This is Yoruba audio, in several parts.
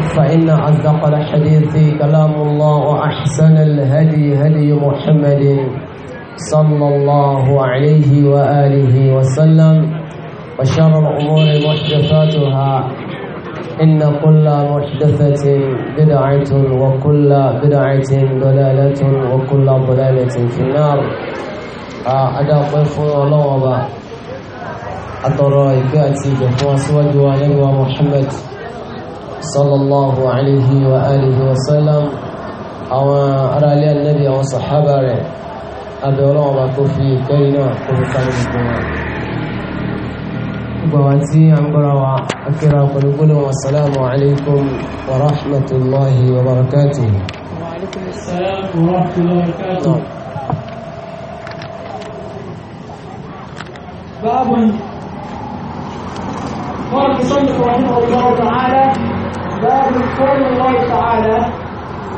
فإن أصدق الحديث كلام الله وأحسن الهدي هدي محمد صلى الله عليه وآله وسلم وشر الأمور محدثاتها إن كل محدثة بدعة وكل بدعة ضلالة وكل ضلالة في النار أدعو الله وبا أدعو إكاتي بفواسوة وعليه محمد صلى الله عليه وآله وسلم أو أرى لي النبي أو صحابة أدولا أبا كفي كينا كفي كينا كفي بوانتي وأكرا قلوبنا والسلام عليكم ورحمة الله وبركاته وعليكم السلام ورحمة الله وبركاته باب قال صنف رحمه الله تعالى باب قول الله تعالى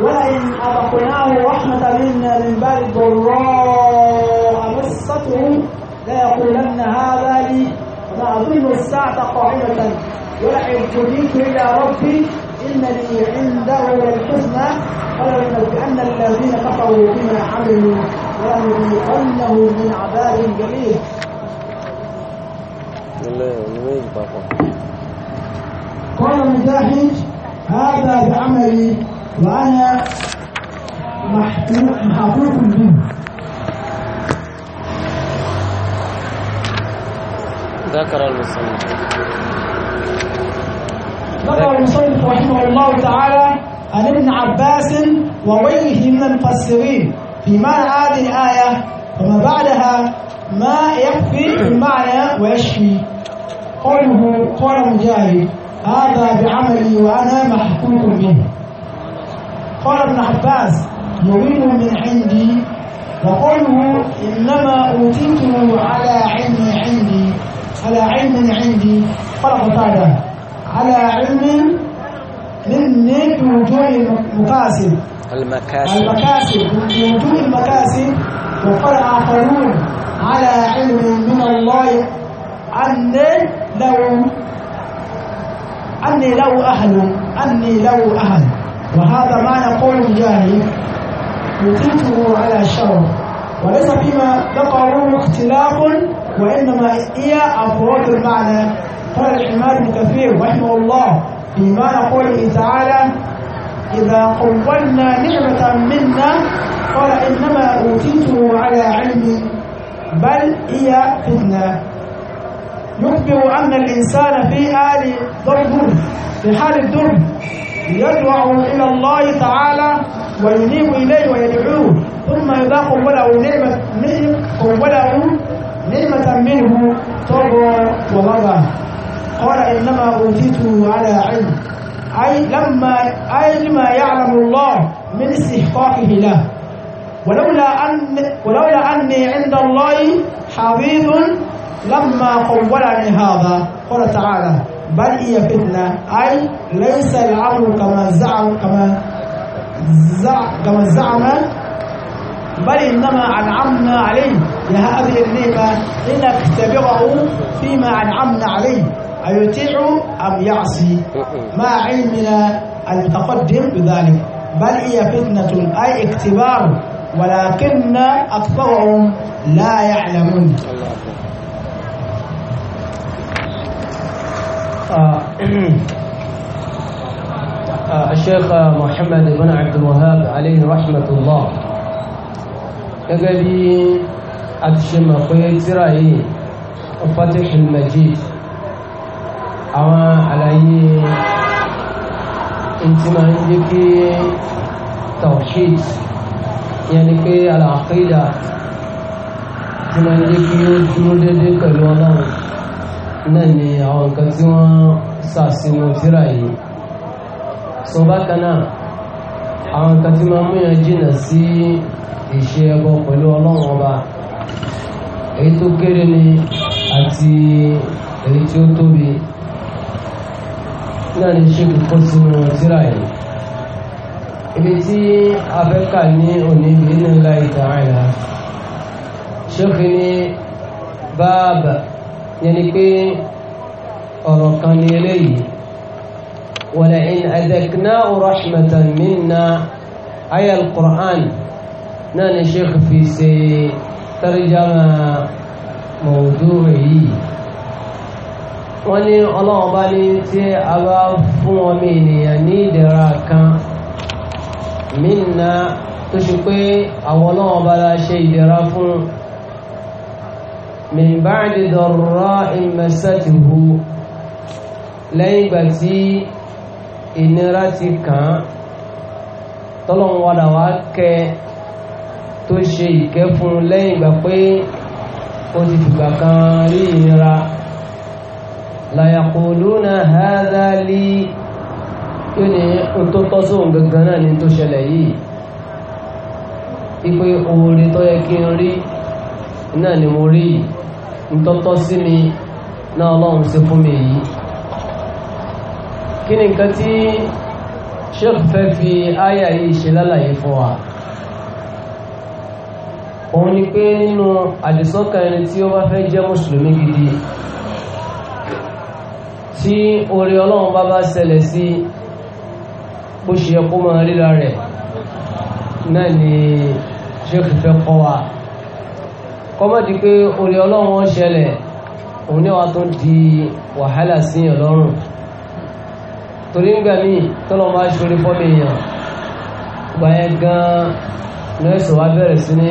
ولئن أذقناه رحمة منا من بعد ضراء مسته ليقولن هذا لي وسأظن الساعة قاعدة ولئن جئت إلى ربي إن لي عنده للحسنى ولنبئن الذين كفروا بما عملوا ولنذيقنهم من عذاب جليل. قال مزاحج هذا بعملي وأنا محطوط به ذكر المصنف ذكر المصنف رحمه الله تعالى عن ابن عباس وغيره من المفسرين في معنى هذه الآية وما بعدها ما يكفي المعنى ويشفي قوله قال مجاهد هذا بعملي وأنا محكوم به قال ابن عباس يريد من عندي وقوله إنما أوتيته على علم عندي على علم عندي قال قتادة على علم مني وجوه المكاسب المكاسب المكاسب وجوه المكاسب وقال آخرون على علم من الله أن لو أني له أهل أني له أهل وهذا معنى قول مجاهد يطلقه على الشرف وليس فيما ذكره اختلاف وإنما هي أفراد المعنى قال الحماد بن كثير رحمه الله في معنى قوله تعالى إذا قولنا نعمة منا قال إنما أوتيته على علم بل هي فتنة يخبر أن الإنسان في حال ضربه في حال الدرب يدعو إلى الله تعالى وينيب إليه ويدعوه ثم يذاق وله نعمة منه وله نعمة منه طغى وغضب قال إنما أوتيته على علم أي لما أي لما يعلم الله من استحقاقه له ولولا أن ولولا أني عند الله حفيظ لما قولني هذا قال تعالى بل هي فتنة أي ليس العمل كما زعم كما زعم كما زعم بل إنما أنعمنا عليه هذه النعمة لنختبره فيما أنعمنا عليه أيطيع أم يعصي ما علمنا التقدم بذلك بل هي فتنة أي اختبار ولكن أكثرهم لا يعلمون آه، آه، الشيخ محمد بن عبد الوهاب عليه رحمة الله كذلك أتشم أخي إكسرائي الفتح المجيد أما علي أنت ما عندك توحيد يعني كي على عقيدة أنت ما عندك جنود ديك náà ni àwọn nǹkan tí wọ́n sà sínú tírà yìí so bákan náà àwọn nǹkan tí máa múyàn jìnà sí ìṣe ẹbọ pẹ̀lú ọlọ́run ọba èyí tó kéré ni àti èyí tí ó tóbi náà ni ṣe kò kọ́ sínú tírà yìí ibi tí abẹ́kà ní òní bí nílá ìtàn àìlá ṣé kí ni báàbà yẹn ni pé ọ̀rọ̀ kan ní eléyìí wala in adaknahu rahmatan minna aya al-Qur'an náà ni sheikh fi ṣe tarjama mawdu' yìí wọ́n ní ọlọ́run ní tí a bá fún ọmọ ènìyàn ní ìdẹ̀ra kan minna tó ṣe pé àwọn ọlọ́run la ṣe ìdẹ̀ra fún un min ba'di darra'in massatuhu lẹ́yìn ìgbà tí ìnira ti kàn án tọ́lọ́run wàdà wá kẹ tó ṣe ìkẹ́ fún lẹ́yìn ìgbà pé ó ti fìgbà kan rí ìnira la yaquluna hadha li kí ni n tó tọ́ sóhun gangan náà ni tó ṣẹlẹ̀ yìí ipe oore tó yẹ kí n rí náà ni mo rí yìí ntọ́tọ́ sí mi náà ọlọ́run ṣe fún mi yìí kí ni nǹkan tí sheikh fẹ́ fi áyà yìí ṣe lálàyé fún wa òun ni pé nínú àdìsọ́kàn ẹni tí ó bá fẹ́ jẹ́ mùsùlùmí gidi tí orí ọlọ́run bá bá ṣẹlẹ̀ sí bó ṣe yẹ kó máa ríra rẹ̀ náà ni sheikh fẹ́ kọ́ wa kọ́mọ́ di pé orí ọlọ́run ṣẹlẹ̀ òun ní wa tó di wàhálà sí yàn lọ́rùn torí ń gbà mí tọ́lọ́ máa ṣorí fọ́mì èèyàn gbà yẹn gan nọ́ọ̀sì wa bẹ̀rẹ̀ sí ní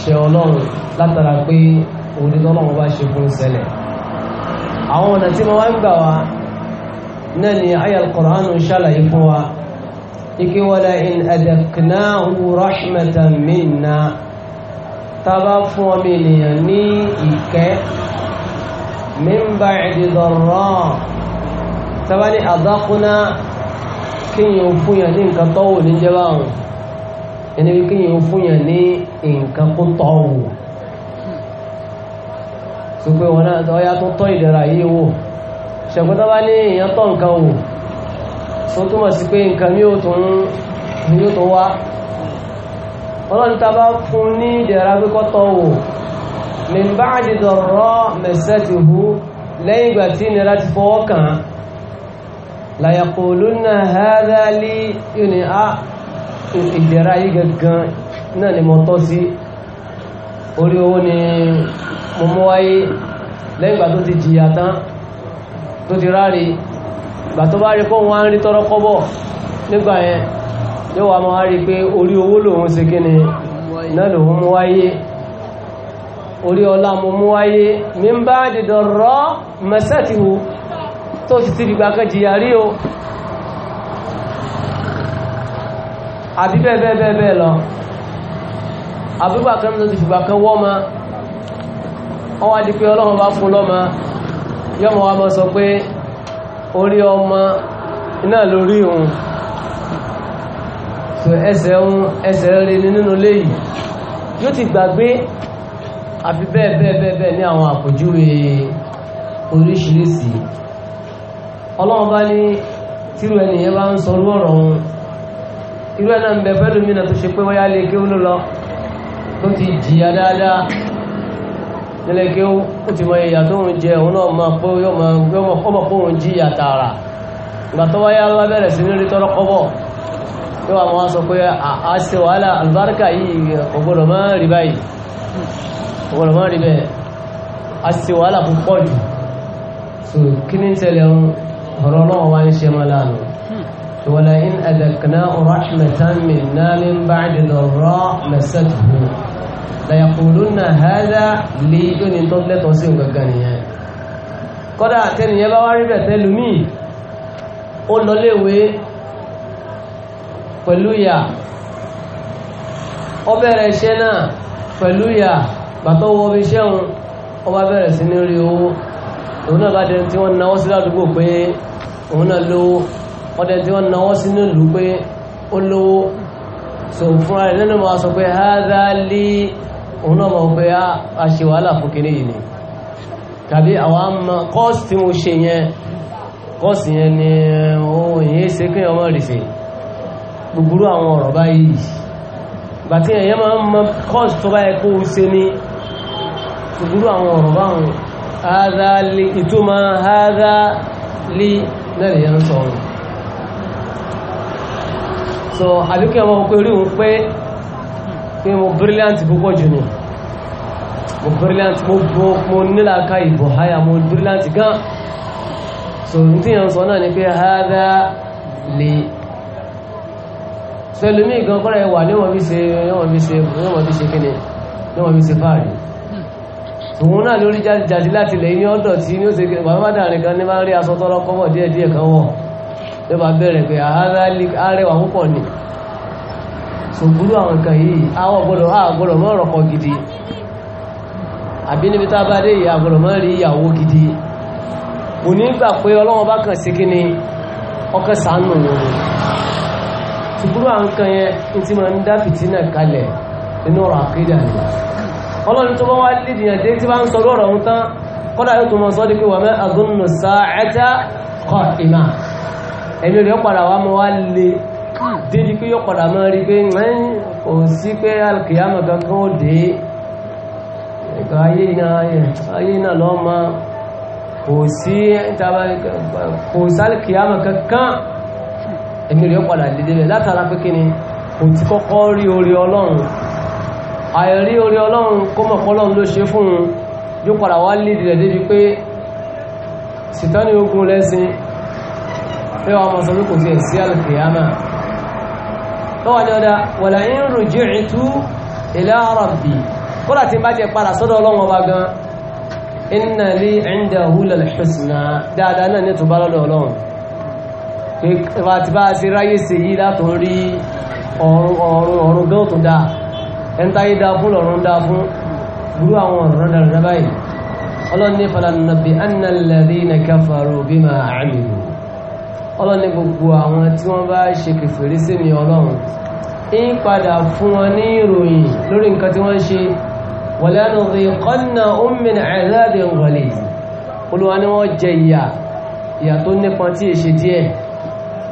ṣe ọlọ́run látara pé òun ní bá ṣe fún ṣẹlẹ̀ àwọn ọ̀nà tí mo wá ń gbà wá náà ni ayal Qur'anu ṣàlàyé fún wa ike wala in adaknahu rahmatan minna tá a bá fún ọmọ ènìyàn ní ìkẹ́ min ba'di dharra tá a bá ní àdákúná kíyàn fún yàn ní nǹkan tọ́wò ní jẹba àwọn ẹni wí kíyàn fún yàn ní nǹkan kó tọ́wò tó pé wọn náà ọya tó tọ́ ìdẹ̀ra yìí wò ṣẹ̀kú tó ní èèyàn tọ́ nǹkan wò tó túmọ̀ sí pé nǹkan mi ò wá ọlọ́run ta bá fún ní ìdẹ̀ra pípọ́tọ̀ wò min ba'di dharra masatuhu lẹ́yìn ìgbà tí ìnira ti fọwọ́ kàn án la yaqulunna hadha li yóò ní a ah, ìdẹ̀ra yìí gangan náà ni mo tọ́ sí orí owó ni mo mú wáyé lẹ́yìn ìgbà tó ti jìyà tán tó ti ráre ìgbà tó bá rí kó wọn á rí tọrọ nígbà yẹn yóò wá máa rí pé orí owó lòun ṣe kí ni náà lòun mú wáyé orí ọlá mo mú wáyé mi ń bá dìdọ̀rọ̀ mẹ́sẹ̀tìwò tó sì ti dìgbà kan jìyà rí o àbí bẹ́ẹ̀ lọ àbúgbà kan tó ti fìgbà kan wọ́ ma wọ́n wá di pé ọlọ́run bá fún lọ́mọ yọ́mọ wa mọ́ sọ pé orí ọmọ iná lórí òun so ẹsẹ̀ ń ẹsẹ̀ rere nínú léyìí yóò ti gbàgbé àfi bẹ́ẹ̀ bẹ́ẹ̀ bẹ́ẹ̀ bẹ́ẹ̀ ní àwọn àpèjúwe oríṣiríṣi ọlọ́run bá ní tírú ẹnìyẹn bá ń sọ orú ọ̀rọ̀ òun irú ẹ̀ náà ń bẹ pẹ́lú mi náà tó ṣe pé wáyá lè kéwú ló lọ tó ti jìyà dáadáa nílẹ̀ kéwú ó ti mọ ìyà tó ń jẹ òun náà máa pé yóò máa kọ́ mọ̀ pé òun jìyà tààrà ìgbà tó wáyá wá bẹ̀rẹ̀ sí ní rí tọ́rọ́ kọ́bọ̀ tó wà wọ́n sọ pé ah, a ṣe wàhálà albarka yìí ọgbọ̀dọ̀ mọ́ rí báyìí ọgbọ̀dọ̀ mọ́ rí bẹ́ẹ̀ a ṣe wàhálà púpọ̀ jù so kí ní ṣẹlẹ̀ ọ̀rọ̀ náà wá ń ṣe mọ́ láàánú tó wọ́n lẹ́yìn ẹ̀dẹ̀kìnà rahmatan minna min ba'di dharra masathu lẹ́yàkùnlúnà hádá lè yóò ní bá pẹ̀lú ìyà ó bẹ̀rẹ̀ iṣẹ́ náà pẹ̀lú ìyà bàtọ́ wọ bí iṣẹ́ òun ó bá bẹ̀rẹ̀ sí ní rí owó òun náà bá dẹni tí wọ́n náwó sí ládùúgbò pé òun náà lówó ọdẹ tí wọ́n náwó sí nílùú pé ó lówó so fúnra rẹ̀ nínú máa sọ pé hádá lé òun náà mọ̀ pé ah, a ṣe wàhálà fún kiri yìí ni tàbí àwọn àmà kọ́ọ̀sì tí mo ṣe yẹn kọ́ọ̀sì yẹn ni eh, òun yìí ṣe kí ọmọ rìsì gbogbo àwọn ọ̀rọ̀ báyìí bàtí ẹ̀yẹ́ máa ń mọ kọ́ọ̀sì tó bá ẹkọ́ ṣe ní gbogbo àwọn ọ̀rọ̀ báwọn àádáálé ìtumọ̀ àádáálé náà lè yẹn sọ̀rọ̀ so àbíkẹ́ ọmọ pé orí òun pé pé mo brilliant púpọ̀ jù ní mo brilliant mo nílàkà ìbò háyà mo brilliant gan so ní tí yẹn sọ náà ni pé àádáálé sẹlẹ̀mí gan kọ́ra ẹ wà níwọ̀n fi ṣe níwọ̀n fi ṣe níwọ̀n fi ṣe kíni níwọ̀n fi ṣe fáàrí òun náà lórí jáde láti lẹ̀ ní ọ̀dọ̀ tí ní ó ṣe kíni bàbá dàrin kan ní máa ń rí aṣọ tọrọ kọ́bọ̀ díẹ̀ díẹ̀ kan wọ̀ ló bá bẹ̀rẹ̀ pé àárẹwà púpọ̀ ni ṣògbúrú àwọn nǹkan yìí àwọn ọ̀gbọ̀dọ̀ àgbọ̀dọ̀ mọ́ ọ̀rọ̀ gidi àbí níbi tá a bá dé ìyá àgbọ̀dọ̀ mọ́ rí ìyàwó gidi onígbà pé ọlọ́wọ́n bá kàn sí kíni ọkàn sànù òun ṣùgbúrú à ń kan yẹn ní tí ma ń dá fìtínà kalẹ̀ nínú ọ̀rọ̀ àkídà ni ọlọ́run tó bá wá lédè yàn dé tí bá ń sọ lọ́rọ̀ ọ̀hún tán kọ́dà yóò tó mọ sọ́ di pé wà mẹ́ àgúnnù sáàtà kọ́ ìmà ẹ̀mí rẹ̀ padà wá mọ́ wá lé débi pé yóò padà mọ́ rí pé kò sí pé alkiyama kankan ó dé ẹ̀kọ́ ayé iná lọ́ọ́ ma kò sí kò kankan ẹ̀mí rẹ̀ padà lédè rẹ̀ látara pé kí ni kò ti kọ́kọ́ rí orí ọlọ́run àìrí orí ọlọ́run kó mọ̀ pọ́lọ́run ló ṣe fún un yóò padà wá lédè rẹ̀ débi pé sìtánì ogun lẹ́sìn pé wàá mọ̀ sọ pé kò tiẹ̀ sí àlùkìyàmà lọ́wọ́ ni ọ̀dà wàlà ń ruji'tu ila rabbi kódà tí bá jẹ padà sọ́dọ̀ ọlọ́run ọba gan inna li 'indahu lal husna dáadáa náà ní ètò bá lọ́dọ̀ ọlọ́run ìwà tí bá ti ráyè sí yí látò rí ọ̀run gán tó dáa ẹntáyé dáa fún lọ́run dáa fún gúrú àwọn ọ̀rọ̀ dáadáa báyìí ọlọ́ni falanàbí annalẹ́rí na káfàrò bí ma àmìlú ọlọ́ni gbogbo àwọn tí wọ́n bá ṣe kèfèrí sí mi ọlọ́run ń padà fún wọn ní ìròyìn lórí nǹkan tí wọ́n ṣe wọ̀lẹ́nu rí kọ́nà omin àìláàdì ń wọlé olùwà ni wọ́n jẹ ìyà ìyà tó nípa tí èṣe díẹ̀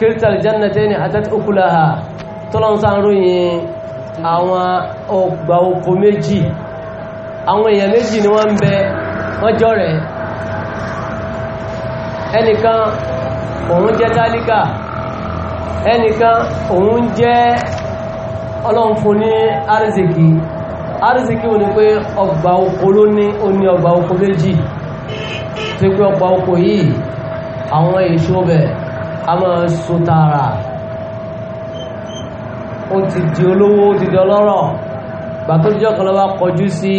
kírísítàl jẹ́nẹ̀tẹ́ ni àtẹ́tì òkúláha tọ́lọ́nsá ń ròyìn àwọn ọgbà oko méjì àwọn èèyàn méjì ni wọ́n ń bẹ wọ́n jọ rẹ̀ ẹnìkan òun jẹ́ tálíkà ẹnìkan òun jẹ́ ọlọ́nfún ní arziki arziki o ni pé ọgbà oko ló ní ó ní ọgbà oko méjì tó pé ọgbà oko yìí àwọn èso bẹ̀rẹ̀ a máa so tààrà ó ti di olówó ó ti di ọlọ́rọ̀ bàtó jíjọ́ kan kọjú sí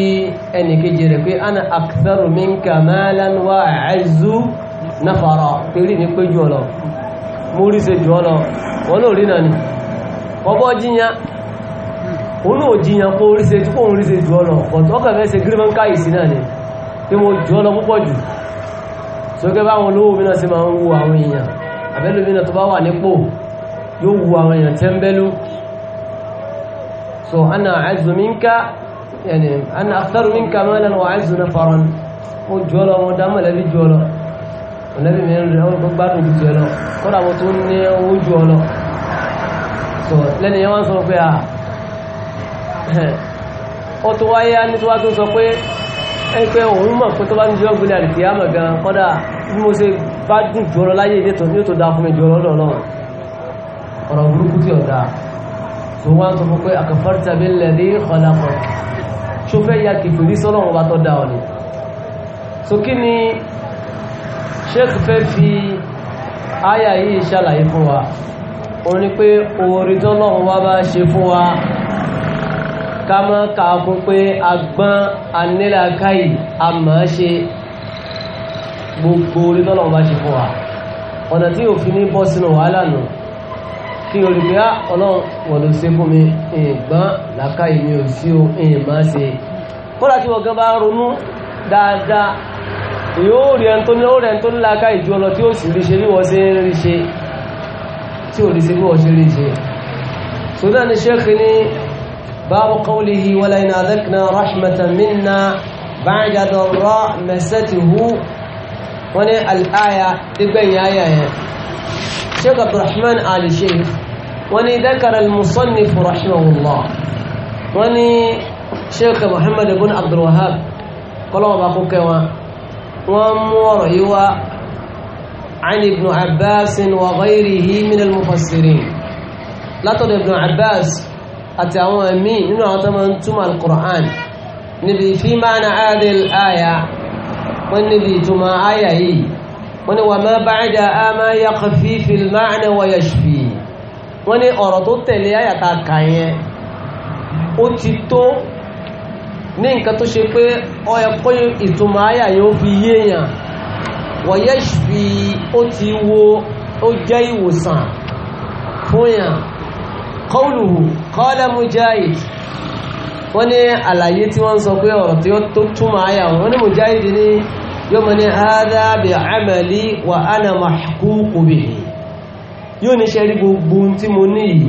ẹnì kejì rẹ̀ pé ana aktharu minka malan wa a'izzu nafara torí mi pé jù ọ lọ mo rí ṣe jù ọ lọ wọn náà rí náà ni bọ́bọ́ jíyan òun náà jíyan kó rí ṣe tí kò ń rí ṣe jù ọ lọ ọ̀tọ́ kàn fẹ́ ṣe gírímọ̀ káyìsí náà ni pé mo jù ọ lọ púpọ̀ jù sókè báwọn olówó mi náà sì máa ń wo àwọn èèyàn àbẹ́lòmínà tó bá wà nípò yóò wu àwọn èèyàn tẹ́ńbẹ́lú so ana azu minka yani ana akhtaru minka malan wa azu nafaran ó jọlọ mo dá mọ̀lẹ́bí jọlọ mọ̀lẹ́bí mi rẹ̀ ó gbádùn jù jọlọ kọ́dà mo tún ní owó jọlọ so lẹ́ni yẹn wọ́n sọ pé à ah. ó tó wáyé á ní tó wá tó sọ pé ẹ pé òun mọ̀ pé tó bá ń jọ́ gbélé àdìkì àmọ̀ gan kọ́dà bí mo ṣe bá dùn jù ọlọ láyé ilé tòun yóò tó dáa fún mi jù ọlọ lọ lọ́wọ́ ọ̀rọ̀ burúkú tí ọ̀dà tó wá ń sọ fún pé àkàfàrìtà ní ọ̀làpọ̀ ṣó fẹ́ ya kìfì rí sọ́lọ́ fi àyà yìí ṣàlàyé fún wa òun ni pé orí tọ́lọ́wọ́n wá bá ṣe fún wa ká gbogbo orí tọ́lọ́wọ́ bá ṣe fún wa ọ̀nà tí yóò fi ní bọ́ sínú wàhálà nù kí o rí pé ah, ọlọ́run wọ̀n ló ṣe fún mi ìgbọ́n làákàyè mi ò sí o ìyìn máa ṣe kódà tí wọ́n gan bá ronú dáadáa yóò rí ẹni tó wọ́n ní al'aya dígbẹ̀yìn ayà yẹn sheikh abdulrahman ali sheikh wọ́n ní dakara al-musannif rahimahullah wọ́n ní sheikh muhammad ibn abdulwahab kọlọ́wọ́ bá kó kẹwa wọ́n mú ọ̀rọ̀ yìí wá عن ابن عباس وغيره من المفسرين látọ̀dọ̀ ibn abbas àti àwọn ẹ̀mí nínú àwọn tó máa ń túmọ̀ al-qur'an níbi fi wọ́n níbi ìtumọ̀ àyà yìí wọ́n ní wà má ba'da àmà yaqfi fil ma'na wa yashfi wọ́n ní ọ̀rọ̀ tó tẹ̀lé àyà tá a kà yẹn ó ti tó ní nǹkan tó ṣe pé ọ̀ẹ̀kọ́ ìtumọ̀ àyà yóò fi yéèyàn wa yashfi ó ti wo ó jẹ́ ìwòsàn fún yàn qawluhu qala wọ́n ní àlàyé tí wọ́n sọ pé ọ̀rọ̀ tó túmọ̀ àyà wọ́n ní Mujahid ní yóò mọ̀ ní hádá bí àmàlí wà ánà mahkúkù bí i yóò ní ṣe rí gbogbo tí mo ní yìí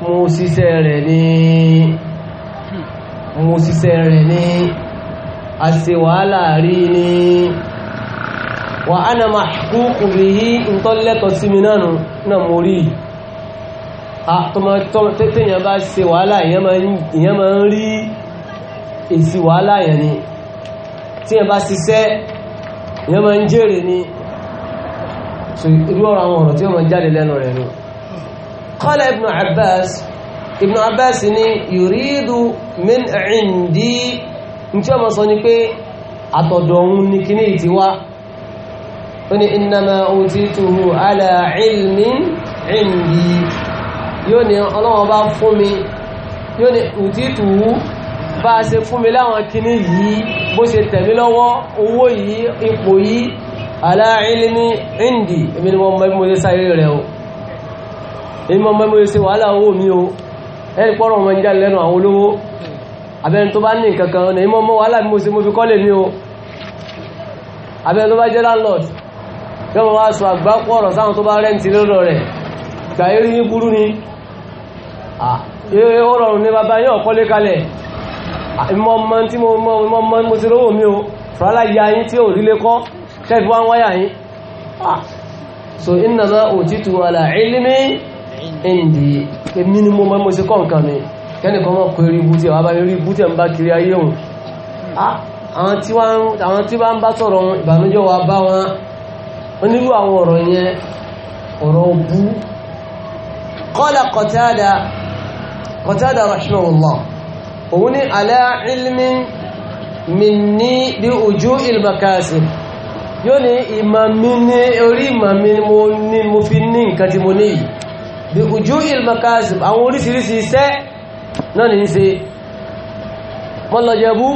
mo ṣiṣẹ́ rẹ̀ ní mo ṣiṣẹ́ rẹ̀ ní àṣewàhálà rí ní wà ánà mahkúkù bí i nǹkan sí mi náà náà mo rí tẹ́yàn bá tí yẹn bá ṣiṣẹ́ yẹn máa ń jèrè ni irú ọ̀rọ̀ àwọn ọ̀rọ̀ tí yẹn máa jáde lẹ́nu rẹ̀ nù. qala ibn abbas ibn abbas ni yuridu min indi ní tí wọ́n máa sọ ni pé àtọ̀dọ̀ òun ni kíní ìtì wá ó ní innama utituhu ala ilmin indi yóò bá a ṣe fún mi láwọn kinní yìí bó ṣe tẹ̀mí lọ́wọ́ owó yìí ipò yìí ala ilmi indi èmi ni wọ́n mọ́ bí mo ṣe sáré rẹ̀ o èmi mọ́ bí mo ṣe wàhálà owó mi o ẹni pọ́rọ̀ ọmọ ìjà lẹ́nu àwọn olówó abẹ́ni tó bá ní kankan ní mọ́ mọ́ ni ó rọrùn ní bàbá yín ọ̀kọ́lé kalẹ̀ ìmọ̀ mọ́ tí mo mọ́ ìmọ̀ mo ti rówó mi o fàálà ya yín tí ò rílé kọ́ kẹfì wá wáyà yín so iná náà ò títù àlà ilmi indi èmi ni mo mọ́ mo ti kọ́ nǹkan mi kẹ́nìkan mọ́ kó rí ibú òun ní ala ilmin minni bí ojú ilmakasi yóò ní ìmọ̀ mi ní orí ìmọ̀ mi mo ní mo fi ní nǹkan tí mo ní yìí bí ojú ilmakasi àwọn oríṣiríṣi iṣẹ́ náà ní í ṣe mọ́lọ̀jẹ̀bú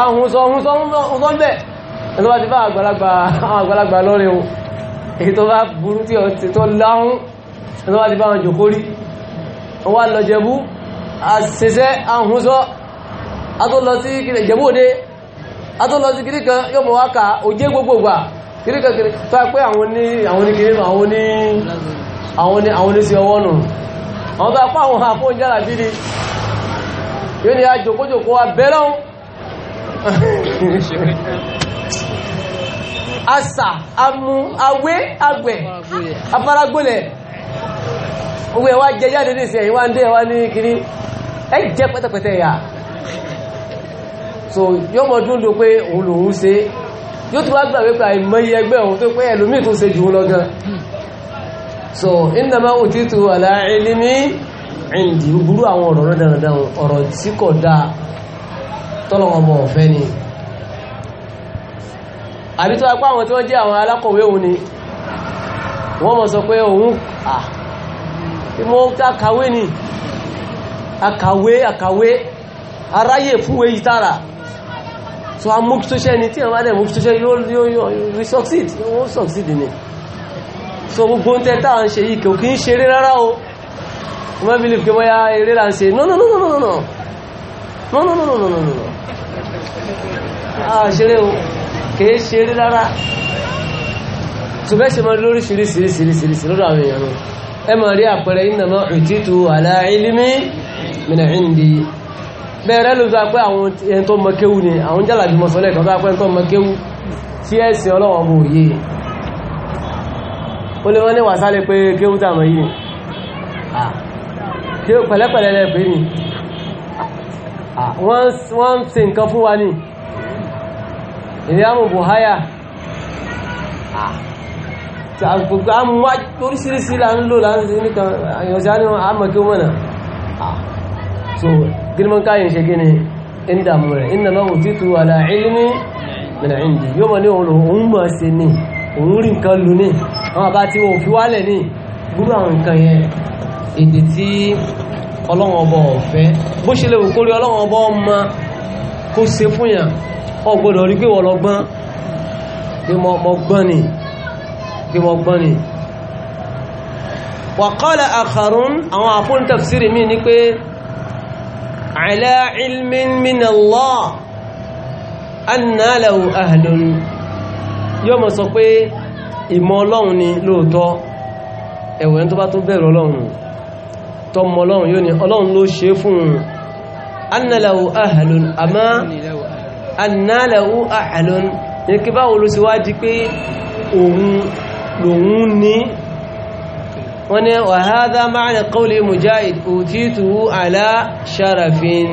ahùnsọ ahùnsọ ahùnsọ bẹ̀ ẹ̀tọ́ bá ti bá àgbàlagbà lọ́rẹ̀ o èyí tó bá burú tí ọ ti tó láhún ẹ̀tọ́ bá ti bá wọn jòkórí wọ́n wá lọ́jẹ̀bú a ahunzo adolo ti kire jebode adolo ti kire kan yo mo wa ka oje gbogbogba kire kan kire to pe awon ni awon ni kire awon ni awon ni ni si owo nu awon ta pa awon ha fo nja la bidi yo ni joko joko wa beron asa amu awe agbe afaragbole owe wa jeja de nisi eyin wa nde wa ni kiri ẹ jẹ́ pẹ́tẹ́pẹ́tẹ́ yà so yọ́ mọ̀ dúndùn pé òun lòun ṣe yóò tún wá gbà wípé àìmọye ẹgbẹ́ òun tó pé ẹlòmíì tó ṣe jù ú lọ gan so innama utitu ala ilmi indi burú àwọn ọ̀rọ̀ dáradára ọ̀rọ̀ tí kò dáa tọ́lọ́wọ́ bọ̀ ọ̀fẹ́ ni àbí tó apá àwọn tí wọ́n jẹ́ àwọn alákọ̀wé òun ni wọ́n mọ̀ sọ pé òun à mọ́ ká kàwé ni akàwé akàwé aráyè fúnwé yìí tààrà so a mú ṣoṣẹ́ ni tí àwọn adẹ̀ mú ṣoṣẹ́ yóò succeed yóò succeed ni so gbogbo ń tẹ́ táà ń ṣe yìí kò kí ń ṣeré rárá o wọ́n mẹ́bí lè fi bọ́yá eré là ń ṣe no no no no no no no no no no no no no ah ṣeré o kìí ṣeré rárá tó bẹ́ẹ̀ ṣe mọ́ lórí ṣiríṣiríṣiríṣiríṣi lọ́dọ̀ àwọn èèyàn ẹ mọ̀ rí àpẹẹrẹ ìnàmọ́ òtítù àlà ilimi mina indi bẹ̀rẹ̀ ló sọ pé àwọn ẹni tó mọ kéwú ni àwọn jálàbí mọ́sọ́lẹ̀ kan sọ pé ẹni tó mọ kéwú tí ẹ̀sìn ọlọ́wọ́ bò yé ó lè wọ́n ní wàsálẹ̀ pé kéwú tàmọ̀ yìí ni kéwú pẹ̀lẹ́pẹ̀lẹ́ lẹ́ pé ni wọ́n ń ṣe nǹkan fún wa ni ìyáàmù buhaya gbogbo amúwá oríṣiríṣi là so gínímọ̀ káyìn ṣe gíní ń dàmú rẹ̀ iná máa wùtí tu àlà ilmi min indi yóò mọ̀ ní òun òun mọ̀ sí ni òun rí nǹkan lù ní àwọn àbá tí wọ́n fi wálẹ̀ ní gbúrú àwọn nǹkan yẹn èdè tí ọlọ́wọ́n ọba ọ̀fẹ́ bó ṣe lè wò kórí ọlọ́wọ́n ọmọ kó ṣe fún yàn ọ rí pé wọ́n lọ gbọ́n pé ni pé mo gbọ́n ni wa qala akharun àwọn àfóńtàfsírì míì ní pé على علم من الله أن له أهل yóò mọ̀ sọ pé ìmọ̀ ọlọ́run ni lóòtọ́ ẹ̀wẹ̀ tó bá tó bẹ̀rẹ̀ ọlọ́run tó mọ̀ ọlọ́run yóò ní ọlọ́run ló ṣe fún un anna lahu àmá anna lahu ní kí báwo ló pé òun lòun ní wọ́n ní wa hadha ma'na qawli mujahid utituhu ala sharafin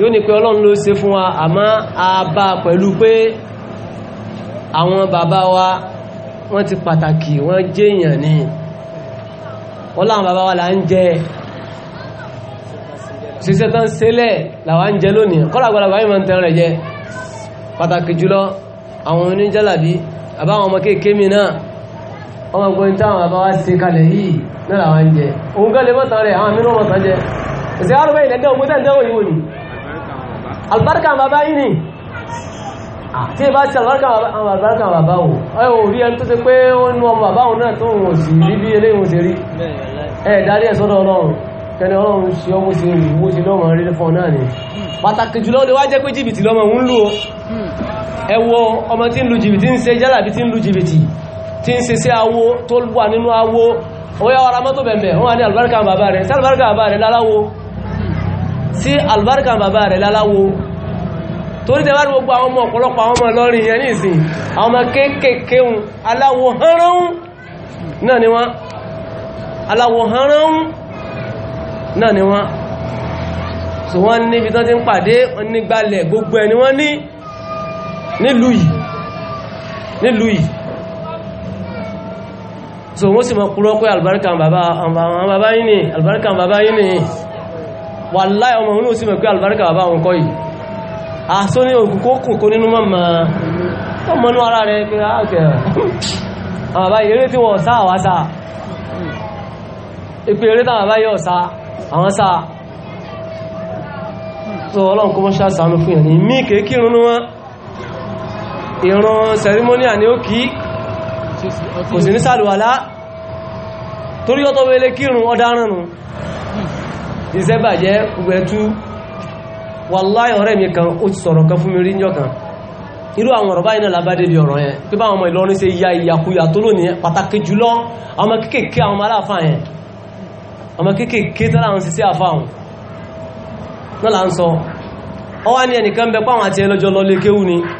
yóò ní pé ọlọ́run ló ṣe fún wa àmọ́ a bá pẹ̀lú pé àwọn bàbá wa wọ́n ti pàtàkì wọ́n jẹ́ èèyàn ni wọ́n bàbá wa là ń jẹ ṣiṣẹ́ tán sílẹ̀ làwa ń jẹ lónìí kọ́làgbàlagbà yìí àwọn ọmọ kéèké mi ọmọ ìgbóyin táwọn bàbá wá sí kalẹ̀ yìí náà làwọn jẹ òun gẹ́lẹ̀ mọ́ta rẹ̀ àwọn mínú mọ́ta jẹ ìsẹ́ arúgbó ilẹ̀ dẹ́wọ̀n gbọ́tẹ̀ dẹ́wọ̀n yìí wò ní albarka bàbá yìí ni tí ẹ bá ti albarka bàbá wò ẹ ò rí ẹni tó ṣe pé ó nu ọmọ bàbá òun náà tó wò sí rí eléyìí ṣe rí ẹ darí ẹ sọ́dọ̀ ọlọ́run kẹni ọlọ́run ṣe ọmọ ṣe ìwò ṣe lọ́mọ rí fún náà ni pàtàkì jùlọ ni wá jẹ́ pé jìbìtì lọ́mọ ń lò ẹ wo ọmọ tí ń lu jìbìtì ń ṣe jálàbí tí ń lu jìbìtì tí ń ṣiṣẹ́ awó tó wà nínú awó wọ́n yá ọ̀rá mọ́tò bẹ̀m̀bẹ̀ wọ́n wà ní albarka bàbá rẹ̀ sí albarka bàbá rẹ̀ láláwo sí albarka bàbá rẹ̀ láláwo torí tẹ́wàá ní gbogbo àwọn ọmọ ọ̀pọ̀lọpọ̀ àwọn ọmọ lọ́rin yẹn ní ìsìn àwọn ọmọ kéèkéèkéun aláwo hánrán náà ni wọ́n aláwo hánrán náà ni wọ́n so wọ́n níbi tán ti ń pàdé wọ́n ní gbalẹ̀ gbogbo ẹni wọ́n ní nílùú yìí nílùú yìí so wọ́n sì mọ̀ kúrọ́ pé albarka àwọn bàbá yìí ni albarka àwọn bàbá yìí ni wallahi ọmọ òun ó sì mọ̀ pé albarka bàbá òun kọ́ yìí àṣọ ní òkùnkó kùnkó nínú mọ́mọ́ ọmọnú ara rẹ̀ pé ààkẹ́ ah, àwọn bàbá eré tí wọ́n sá àwọn sá ìpé eré táwọn bàbá yọ sá àwọn sá so ọlọ́run kó mọ́ ṣàṣánú fún ìrìn mí kéèkì ìrún wọn ìrún sẹrimóníà ni ó kìí kò sí ní sàlùwàlá torí ọ̀tọ̀ wele kírun ọ̀darànù iṣẹ́ bàjẹ́ gbẹ̀tú wàláhí ọ̀rẹ́ mi kan ó ti sọ̀rọ̀ kan fún mi rí níjọ́ kan irú àwọn ọ̀rọ̀ báyìí náà lábádé bí ọ̀rọ̀ yẹn pípa àwọn ọmọ Ìlọrin ṣe ya ìyàkuyà tó lónìí pàtàkì jùlọ àwọn kéèkéé àwọn ọmọ aláàfà yẹn àwọn kéèkéé tó láwọn ṣiṣẹ́ àfáhùn náà là ń sọ ọwá ní ẹnìkan bẹ pàwọn àti lọ ni eh.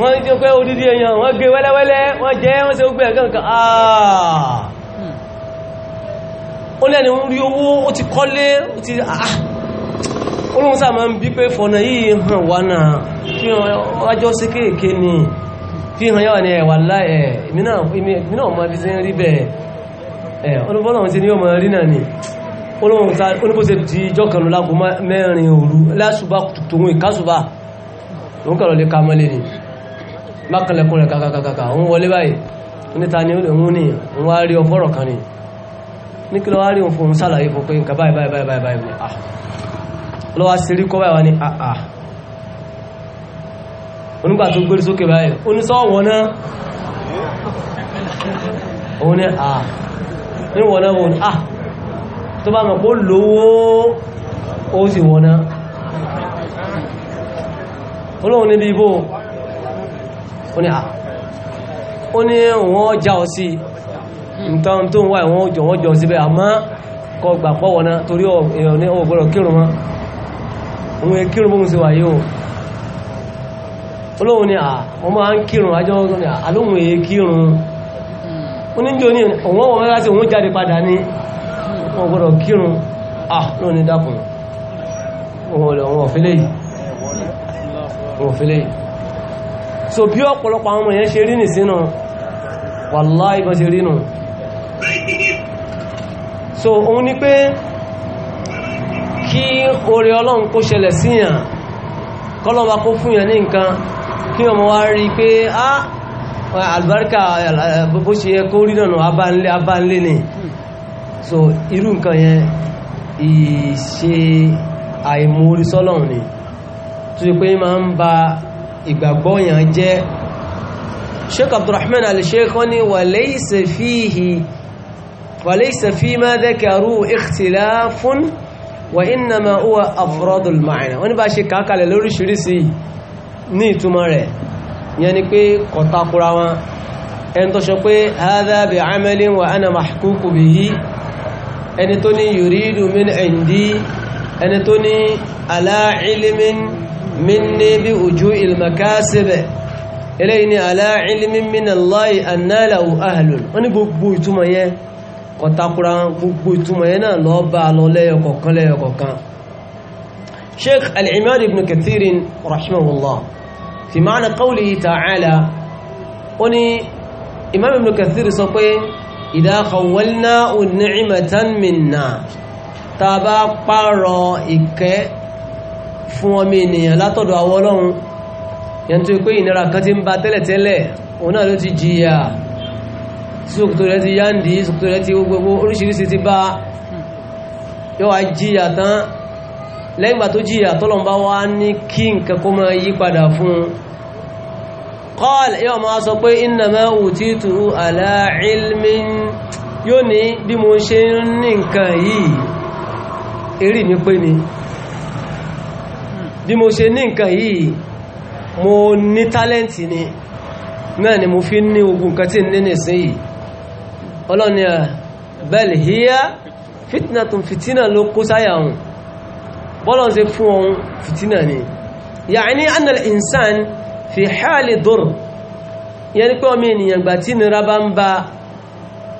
wọ́n jẹ́ pé odidi èèyàn wọ́n gé wẹ́lẹ́wẹ́lẹ́ wọ́n jẹ́ wọ́n ṣe gbẹ̀ kankan àà ah! ó lẹ́ni rí owó ó ti kọ́lé ó ti àà ah! olóhun sáà máa ń bí pé fọ̀nà yìí hàn wá náà fi hàn ọjọ́ sí kéèké ni fi hàn yáwà ní ẹ̀wà láẹ̀ ìmìnà ọmọ ibi tí ń rí bẹ́ẹ̀ mákànlẹ̀kùn rẹ̀ kàkàkàkà ń wọlé báyìí níta ni ó lè mú nìyàn ń wá rí ọfọ́rọ̀ kan ni ní kí lọ wá rí òun fún sàlàyé fún pé nǹkan báyìí báyìí báyìí báyìí ni ah lọ́wọ́ sí rí kọ́ báyìí wá ní ah ah onígbà tó gbé sókè báyìí oníṣọ́wọ́ náà òun ní ah ní wọ́n náà wọ́n ah tó bá mọ̀ kó lówó ó sì wọ́n náà olóhun níbi ibò ó ní à ó ní wọ́n já ọ sí nǹkan tó ń wá ìwọ̀n jọ wọ́n jọ síbẹ̀ àmọ́ kọ gbà pọ̀wọ̀ náà torí ọgbọ̀rọ̀ kírùn wọn òun è kírùn bóhun sí wà yíò olóhun ni àwọn máa ń kírùn ajọ́ ní àlóhun èé kírùn oníjò ní òun wọ́n mẹ́ta sí òun jáde padà ní ọgbọ̀rọ̀ kírùn ah lóhun ni dákùn òun ọ̀fẹ́lẹ́ yìí so bí ọ̀pọ̀lọpọ̀ àwọn ọmọ yẹn ṣe rí nìsínú wàláhì bó ṣe rí nù so òun ni pé kí oore ọlọ́run kó ṣẹlẹ̀ síyàn kọ́lọ́ba kó fún yàn ní nǹkan kí ọmọ wa rí pé á àlùbáríkà bó ṣe yẹ kó rí nànà abánlé ni so irú nǹkan yẹn ìṣe àìmórí sọ́lọ́run ni tó ṣe pé máa ń ba ìgbàgbọ́ yàn jẹ́ sheik abdulrahman al-sheikh wọ́n ni wa laysa fihi wa laysa fima dhakaru ikhtilafun wa innama huwa afradul ma'na wọ́n ni bá ṣe kàákàlẹ̀ lóríṣiríṣi ní ìtumọ̀ rẹ̀ yẹn ni pé kọ̀takura wọn ẹni tó sọ pé hadha bi amalin wa ana mahkuku bihi ẹni tó ní yuridu min indi ẹni tó ní ala ilmin مني بوجوه المكاسب eléyìí على علم من الله أن له أهل wọ́n ní gbogbo ìtumọ̀ yẹn kọ̀takura gbogbo ìtumọ̀ yẹn náà lọ bá lọ lẹ́yọkọ̀kan lẹ́yọkọ̀kan sheikh al-imad ibn kathir rahimahullah fi ma'na qawlihi ta'ala ó ní imam ibn kathir sọ pé idha khawwalna ni'matan minna tá a bá pààrọ̀ ìkẹ́ fún ọmọ ènìyàn látọ̀dọ̀ àwọn ọlọ́run yẹn tó pé ìnira kan ti ń ba tẹ́lẹ̀tẹ́lẹ̀ òun náà ló ti jìyà sókòtò rẹ̀ ti yáǹdì sókòtò rẹ̀ ti gbogbo oríṣiríṣi ti bá yóò wá jìyà tán lẹ́yìn ìgbà tó jìyà tọ́lọ̀n wá ní kí nǹkan kó máa yí padà fún un qala mi pé ni bí mo ṣe ní nǹkan yìí mo ní tálẹ́ǹtì ni náà ni mo fi ní ogun nǹkan tí ní nìsín yìí ọlọ́run ni bal hiya fitnatun fitina ló kó sáyà hùn bọ́lọ́n ṣe fún ohun fitina ni ya'ni anna al-insan fi hali dur yẹni pé ọmọ ènìyàn gbà tí nira bá ń ba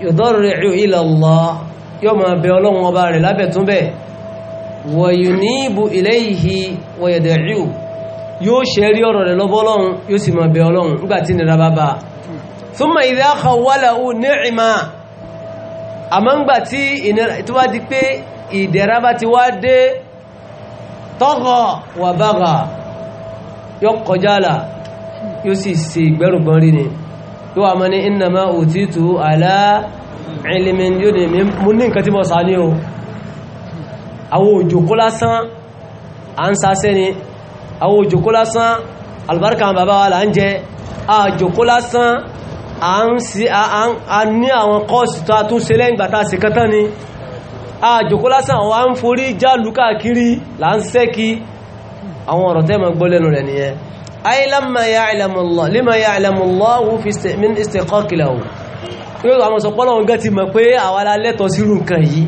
yudarri'u ila Allah yóò máa bẹ ọlọ́run ọba rẹ̀ lábẹ̀ tún bẹ́ẹ̀ wọ̀yùníbù iléyìí wọ̀yẹ̀dẹ̀ríù yóò ṣe rí ọ̀rọ̀ rẹ̀ lọ́bọ́ ọlọ́run yóò sì mọ̀ bẹ ọlọ́run nígbàtí nira bá bá súnmọ̀ ìdá àkọwàláwò ni'ima àmọ́ ń gbà tí ìnira tó wá di pé ìdẹ̀ra bá ti wá dé tọ́gọ̀ wà bága yóò kọjá là yóò sì ṣe ìgbẹ́rùgbọ́n rí ni yóò wà mọ́ ní innama òtítù àlá ilmin yóò ní mo ní nǹkan tí mo sá ní o àwọn òjòkó lásán à ń sasẹ́ ni àwọn òjòkó lásán alùbáríkà àwọn bàbá wa là ń jẹ àjòkó lásán à ń sí à ní àwọn kọ́ọ̀sì tó a tún ṣe lẹ́yìn gbàtà sí kẹtàn ni àjòkó lásán àwọn à ń forí jálù káàkiri là ń sẹ́kì àwọn ọ̀rọ̀ tẹ́ máa gbọ́ lẹ́nu rẹ̀ nìyẹn ayé lámà ya ìlàmùlọ́ límà fi min ìsìnkọ́ kìlà o yóò àwọn sọpọ́lọ́wọ́n ti mọ̀ pé àwọn alẹ́tọ̀ sírù nǹkan yìí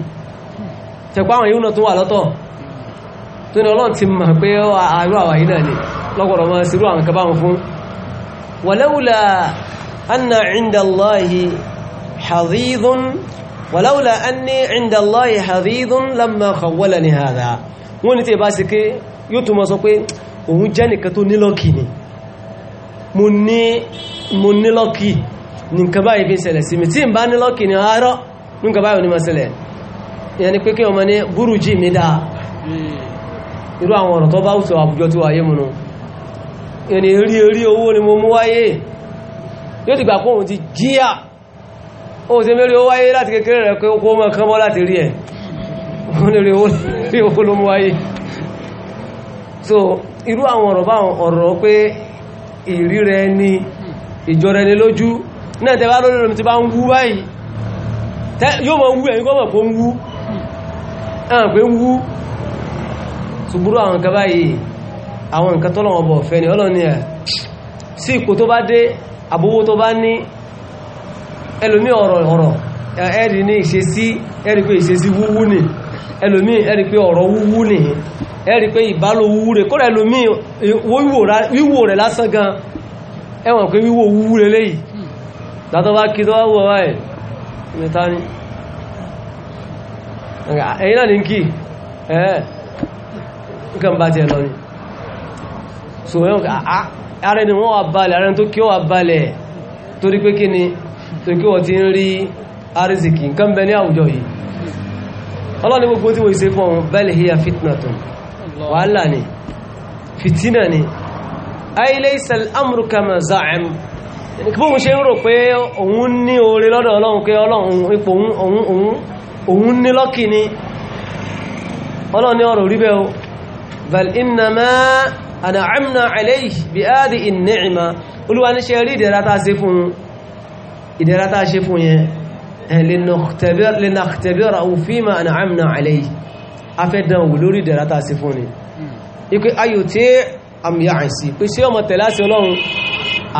tẹ̀kọ́ àwọn ìhúnà tó wà lọ́tọ̀ tó ní ọlọ́run ti mọ̀ pé àárú àwàyí náà ni lọ́gbọ̀rọ̀ mọ́ sírú àwọn kaba wọn fún wàláwùlà anna indallahi hadidun wàláwùlà anni indallahi hadidun lamma kọwọ́lá ni hàdá wọ́n ni tí bá sí pé yóò tó mọ́ sọ pé òun jẹ́ nìkan tó nílọ́kì ni mo nílọ́kì ni nǹkan báyìí fi ṣẹlẹ̀ sí mi tí n bá nílọ́kì ni àárọ̀ nǹkan báyìí ni mo ṣẹlẹ̀ ìyẹn ni pé kí ọmọ ní gúrùjì mi dáa irú àwọn ọ̀rọ̀ tó bá wùsọ̀ àwùjọ tí wáyé múnú ìyẹn rí rí owó ni mo mú wáyé yóò ti gbà kó òun ti jíyà òun ti mérí owó wáyé láti kékeré rẹ̀ pé kó mọ́ kán bọ́ láti rí ẹ̀ òun lè rí owó ló mú wáyé ni ìjọra ẹni lójú náà tẹ bá lórí rẹ̀ yóò mọ̀ wú ẹ̀yìn kọ́ mọ̀ kó ń wú ẹ̀hàn pé wú ṣùgbúrú àwọn nǹkan báyìí àwọn nǹkan tọ́lọ̀wọ̀n bọ̀ fẹ́ ni ọlọ́ni ẹ̀ sí ipò tó bá dé àbówó tó bá ní ẹlòmí ọ̀rọ̀ ọ̀rọ̀ ẹ̀rì ní ìṣesí ẹ̀rì pé ìṣesí wúwú ni ẹlòmí ẹ̀rì pé ọ̀rọ̀ wúwú ni ẹ̀rì pé ìbálò wúwú rẹ̀ kọ́rẹ̀ ẹlòmí wíwò rẹ̀ lásán gan ẹwọ̀n pé wíwò wúwú lélẹ́yìí látọ́ bá kí tó wá wọ́ báyìí Nga náà ní kí ẹ́ so ẹ̀yìn ara a wọ́n wà balẹ̀ ara ẹni tó kí ó wà balẹ̀ torí pé kí ni tó kí ti ń rí arziki nǹkan bẹ ní àwùjọ gbogbo tí fitnatun ni fitina ni ay laysa al-amru kama za'am bóun ṣe ń rò pé òun òun ní lọ́kì ni ọlọ́run ní ọ̀rọ̀ oríbẹ̀ o bal innama an'amna alayhi bi áàdì ìnìyàn olúwa ní ṣe rí ìdẹ̀ra tá a ṣe fún ìdẹ̀ra tá a ṣe fún yẹn lẹ́nàkìtẹ̀bẹ̀rẹ̀ òfíìmà an'amna alayhi afẹ́dánwò lórí ìdẹ̀ra tá a ṣe fún ni ikú ayò tí àmì àìsí pé ṣé ọmọ tẹ̀lá sí ọlọ́run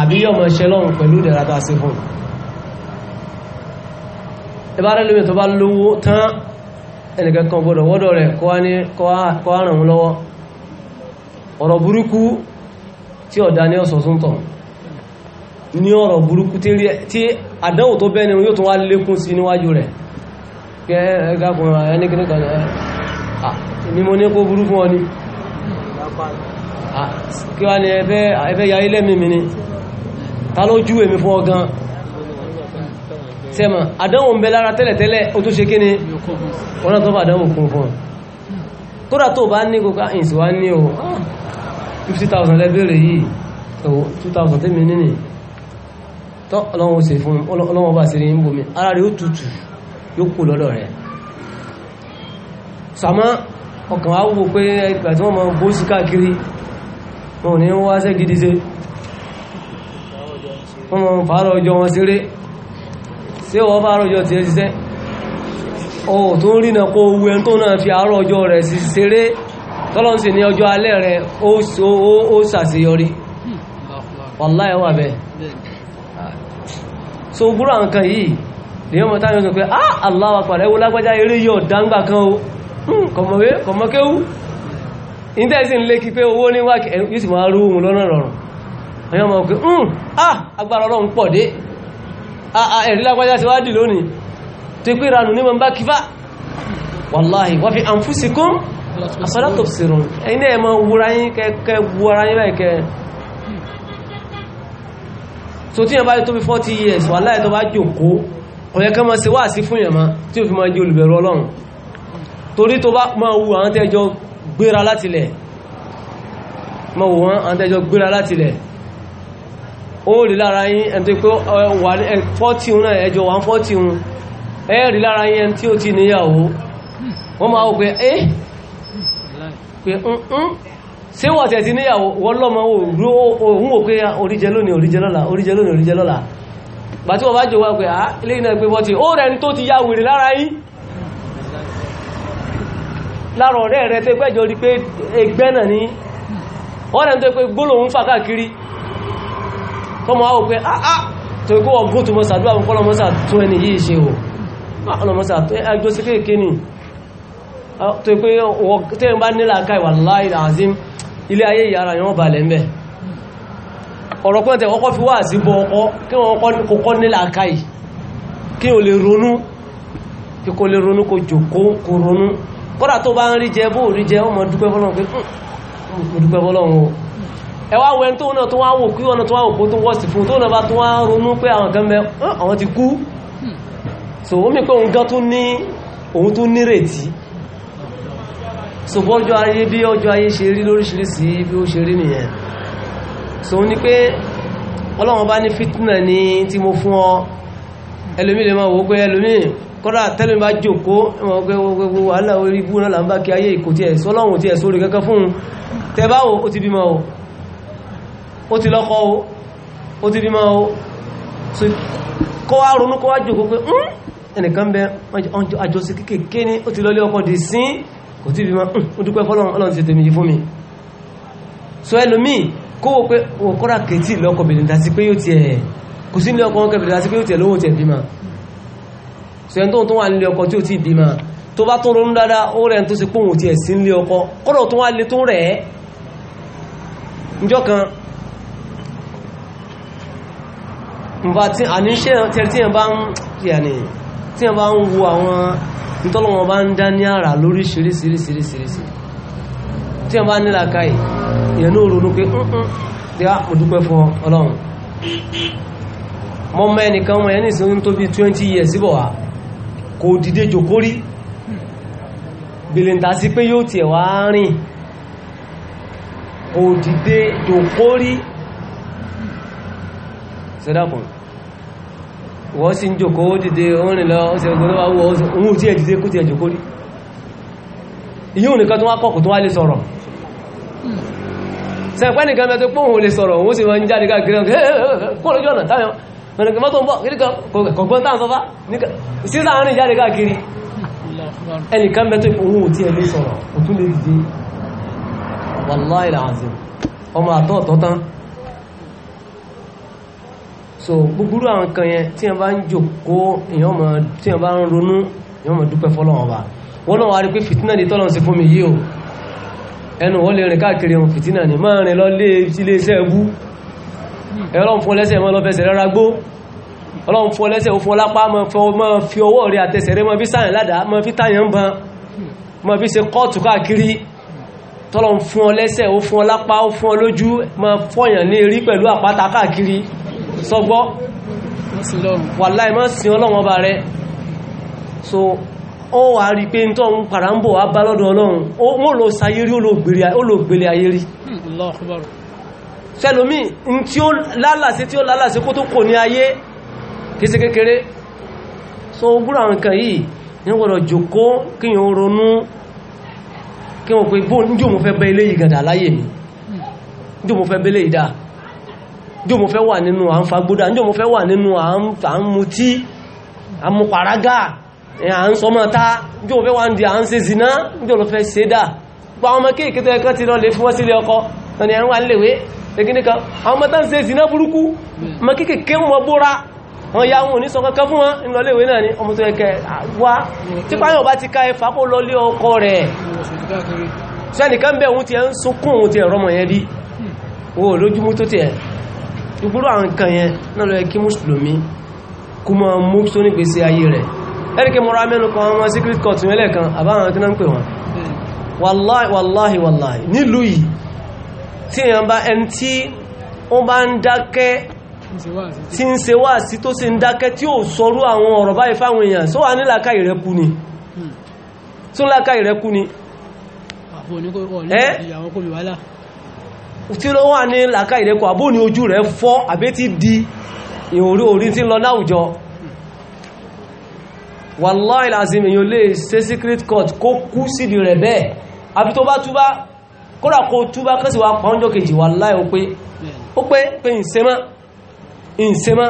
àbí yọmọ ìbára lómi tó bá lówó tán ẹnìkan kan gbọdọ̀ wọ́dọ̀ rẹ̀ kọ́ ràn wọn lọ́wọ́ ọ̀rọ̀ burúkú tí ọ̀dá ní ọ̀sọ̀ tún tàn ní ọ̀rọ̀ burúkú tí àdánwò tó bẹ́ni yóò tún wá lékún sí níwájú rẹ̀ kẹ́ ẹgbàkùnrin ẹnikẹ́nikẹ́ ni mo ní kó burúkú wọn ni kí wá ní ẹfẹ́ ya ilé mímí ni ta ló jú èmi fún ọgán sẹ́mọ̀ àdánwò ń bẹ lára tẹ́lẹ̀tẹ́lẹ̀ ó tó ṣe kíni wọ́n tó bá àdánwò kún fún kódà tó bá ní kókà ìsì ah, wá ní o 50,000 ah, lẹ́bẹ̀rẹ̀ yìí tó 2,000 tẹ́mi nínú tọ́ ọlọ́wọ́ ṣe fún ọlọ́wọ́ bá sí rí ń bomi ara rẹ̀ ó tutù yóò kú lọ́dọ̀ rẹ̀ sàmọ́ ọkàn wá wò pé ìgbà tí wọ́n mọ bó sí káàkiri wọn ò ní wá sẹ́ gidi ṣe wọ́n mọ fàárọ̀ ọjọ́ wọn ṣeré tí ó bá rọjọ́ ti ṣiṣẹ́ o tó ń rí kó tó náà fi àárọ̀ ọjọ́ rẹ̀ sí ṣeré tọ́lọ́n sì ní ọjọ́ alẹ́ rẹ̀ ó ṣàṣeyọrí ọ̀lá ẹ̀wà so nǹkan yìí táyọ̀ sọ pé ah lágbájá eré dáńgbà kan o hmm, kọ̀mọ̀wé kọ̀mọ̀kéwú ń pé owó yìí sì máa rú lọ́nà rọrùn Ah, ah, ẹ̀rí lágbájá ti wá dì lónìí tó pé ranù ní mọ̀ bá kífà wàláhì wà fi àǹfúsìkún àsọ́látò sírùn ẹ̀yìn ẹ̀mọ̀ wúra yín kẹ́kẹ́ wú ara yín láìkẹ́ so tí yẹn bá tó bí 40 years wàláhì tó bá jòkó ọ̀yẹ́ mọ́ sí wà sí fún yẹ̀mọ́ tí ò fi máa jẹ́ olùbẹ̀rù ọlọ́run torí tó bá máa wù àwọn tẹ́jọ gbéra látilẹ̀ ó rí lára yí ẹni tó pé wà ní fọ́tíun náà ẹjọ́ wà fọ́tíun ẹ rí lára yí ẹni tí ó ti níyàwó wọ́n máa wò pé ẹ́ pé ǹǹ ti níyàwó wọ́n lọ́mọ òun wò pé oríjẹ lónìí oríjẹ lọ́la oríjẹ lónìí oríjẹ lọ́la tí wọ́n bá jòwá pé ilé iná pé fọ́tí ó rẹ̀ ya wèrè lára lára ọ̀rẹ́ rẹ̀ rí pé ẹgbẹ́ náà ní ní tó kọmọ áwò pé ah, tó ikú ọgbó tó mọ́ sàdúrà fún kọ́lọmọ́sà tó ẹni yìí ṣe o ọlọmọ́sà tó ẹjọ́ sí kéèké ni tó ikú tẹ́yìn bá nílà ká ìwà láìlà azim ilé ayé ìyára yọ́n balẹ̀ mẹ́ ọ̀rọ̀ pẹ́ntẹ̀ ọkọ́ fi wá sí bọ ọkọ́ kí wọ́n kọ́kọ́ nílà ká ì kí o lè ronú kí kò lè ronú kò jòkó kò ronú kọ́dà tó bá ń rí jẹ bó rí jẹ ọmọ dúpẹ́ bọ́lọ́run ẹwà wẹn tó náà tó wá wò kí ọ̀nà tó wá òkú tó wọ́sì fún tó náà bá tó wá ronú pé àwọn kan mẹ́ àwọn ti kú so ó mi pé òun gan tó ní òun tó nírètí so bọ́jọ́ ayé bí ọjọ́ ayé ṣe rí lóríṣiríṣi bí ó ṣe rí nìyẹn so ní pé ọlọ́run bá ní fitna ní tí mo fún ọ ẹlòmí lè máa wò pé ẹlòmí kọ́dà tẹ́lẹ̀ bá jòkó wàhálà orí bú náà là ń bá kí ayé ìkò tí ẹ̀ sọ́lọ́run tí ẹ̀ sórí kankan fún un tẹ́ ó ti bímọ ó ti lọ́kọ́ o ó ti bímọ o kọ́ wá ronú kọ́ wá jòkó pé ń hmm, ẹnìkan bẹ àjọsí kéèké ní ó ti lọ́lé ọkọ̀ dì sí kò tí bímọ ó hmm, dúpẹ́ fọ́lọ́run ti tèmi yìí fún mi so ẹlòmíì kó wò pé òkúra kẹtì lọ́kọ̀ bèèrè dá sí pé yóò ti kan nfa tí àníṣe tí ẹ bá ń yàní tí ẹ bá ń wo àwọn ntọ́lọ́wọ́n bá ń dá ní àrà lóríṣiríṣiríṣiríṣi tí ẹ bá ní làákàyè ìyẹn ní òrònú pé tí mm, mm, a ah, mo dúpẹ́ fún ọlọ́run mọ́ mẹ́ nìkan wọ́n yẹn ní ìsinmi tó bí 20 years bọ̀ wá kò dìde jòkó rí bèlèntà sí pé yóò tiẹ̀ wá rìn kò dìde sọ́dọ̀kùn wọ́n sì ń jòkó dìde orin lọ ó sì ọgbọ́n wá wọ́ ohun tí ẹ dìde kú ti ẹ jòkó rí ìyíò nìkan tó wá kọ̀kù tó wá lè sọ̀rọ̀ sẹ́pẹ́ nìkan mẹ́tọ́ pé òun lè sọ̀rọ̀ òun sì máa ń jáde káàkiri kúrò jọ ọ̀nà táyọ̀ mẹ́rin mọ́tò ń bọ̀ kọ̀gbọ́n táà sọ́fá ẹnìkan mẹ́tọ́ òun ò tí ẹ lè sọ̀rọ̀ òtún lè dìde wàláìlà àzìm ọmọ àtọ́ ọ̀tọ́ tán so gbogbo àwọn kan yẹn tí wọ́n bá ń jòkó èèyàn mọ̀ tí wọ́n bá ń ronú èèyàn mọ̀ dúpẹ́ fọlọ́wọ́n wa wọ́n lọ́wọ́ arí pé fìtínà ní tọ́lọ́ sí fún mi yìí o ẹnu wọ́n lè rìn káàkiri ohun fìtínà ní máa rìn lọ lé ilé iṣẹ́ ẹbú ẹ̀rọ ń fọ́ lẹ́sẹ̀ mọ́ lọ́fẹ́sẹ̀ rárá gbó ọlọ́run fọ́ lẹ́sẹ̀ ó fọ́ lápá mọ́ fi ọwọ́ rẹ̀ àtẹsẹ̀rẹ́ mọ́ fi sáyàn ládàá mọ́ fi táyàn ban mọ́ fi ṣe kọ́ọ̀tù káàkiri tọ́lọ́run fún ọ lẹ́sẹ̀ ó fún ọ lápá ó fún ọ lójú mọ́ ní erí pẹ̀lú àpáta káàkiri sọgbọ́ wàláì má sin ọlọ́run ọba rẹ so ó wà rí pé tó ń padà ń bọ̀ wá bá lọ́dọ̀ ọlọ́run ó lọ sayérí olóògbèlè ayérí fẹ́lómí hmm, tí ó lálàsí tí ó lálàsí kó tó kò ní ayé kése kékeré so ogúrò nǹkan yìí ní jòkó kí ronú kí wọ́n jò fẹ́ bẹ́ jọ mo fẹ́ wà nínú a ń fagbódà jọ mo fẹ́ wà nínú à ń mutí à ń mupàrágà à ń sọmọ́ta jọ mo fẹ́ wà ń di à ń ṣe zina jọ lọ fẹ́ ṣe dà gba ọmọ kéèké tó ẹ̀kọ́ ti lọ lè fún wọ́n sílé ọkọ tọ́ni ẹ̀rùn wà ń lèwé ẹgbẹ́nìkan àwọn ọmọ tán ṣe zina burúkú ọmọ kéèké wọn bóra wọn ya wọn ò ní sọ kankan fún wọn ń lọ léwé náà ni ọmọ tó ẹ̀kẹ́ wá tí páyọ̀ bá ti ká ẹfà kó lọ lé ọkọ rẹ̀ sẹ́nìkan bẹ́ẹ̀ òun ti ẹ̀ ń sunkún ti ẹ̀rọ mọ̀ yẹn rí wọn ò lójúmú ti ẹ̀ ìgbúrú àwọn nǹkan yẹn náà lọ ẹkí mùsùlùmí kú mọ́ mú tó ní gbèsè ayé rẹ̀ ẹ́rìkẹ́ mọ́ra mẹ́nu kan wọn secret court wọn lẹ́ẹ̀kan àbáwọn kí náà ń pè wọn wàláì wàláì wàláì nílùú yìí tí èèyàn bá ẹni tí ó bá ń tí ló wà ní làkà ìrẹ́kọ̀ àbó ní ojú rẹ̀ fọ́ àbé ti di ìhòrí orí tí ń lọ láwùjọ wallahi lazim èyàn lè ṣe secret court kó kú sídi rẹ̀ bẹ́ẹ̀ àbí tó bá túbá kódà kó túbá kẹsì wá pàánjọ́ kejì wallahi ó pé ó pé pé ìsẹ́má ìsẹ́má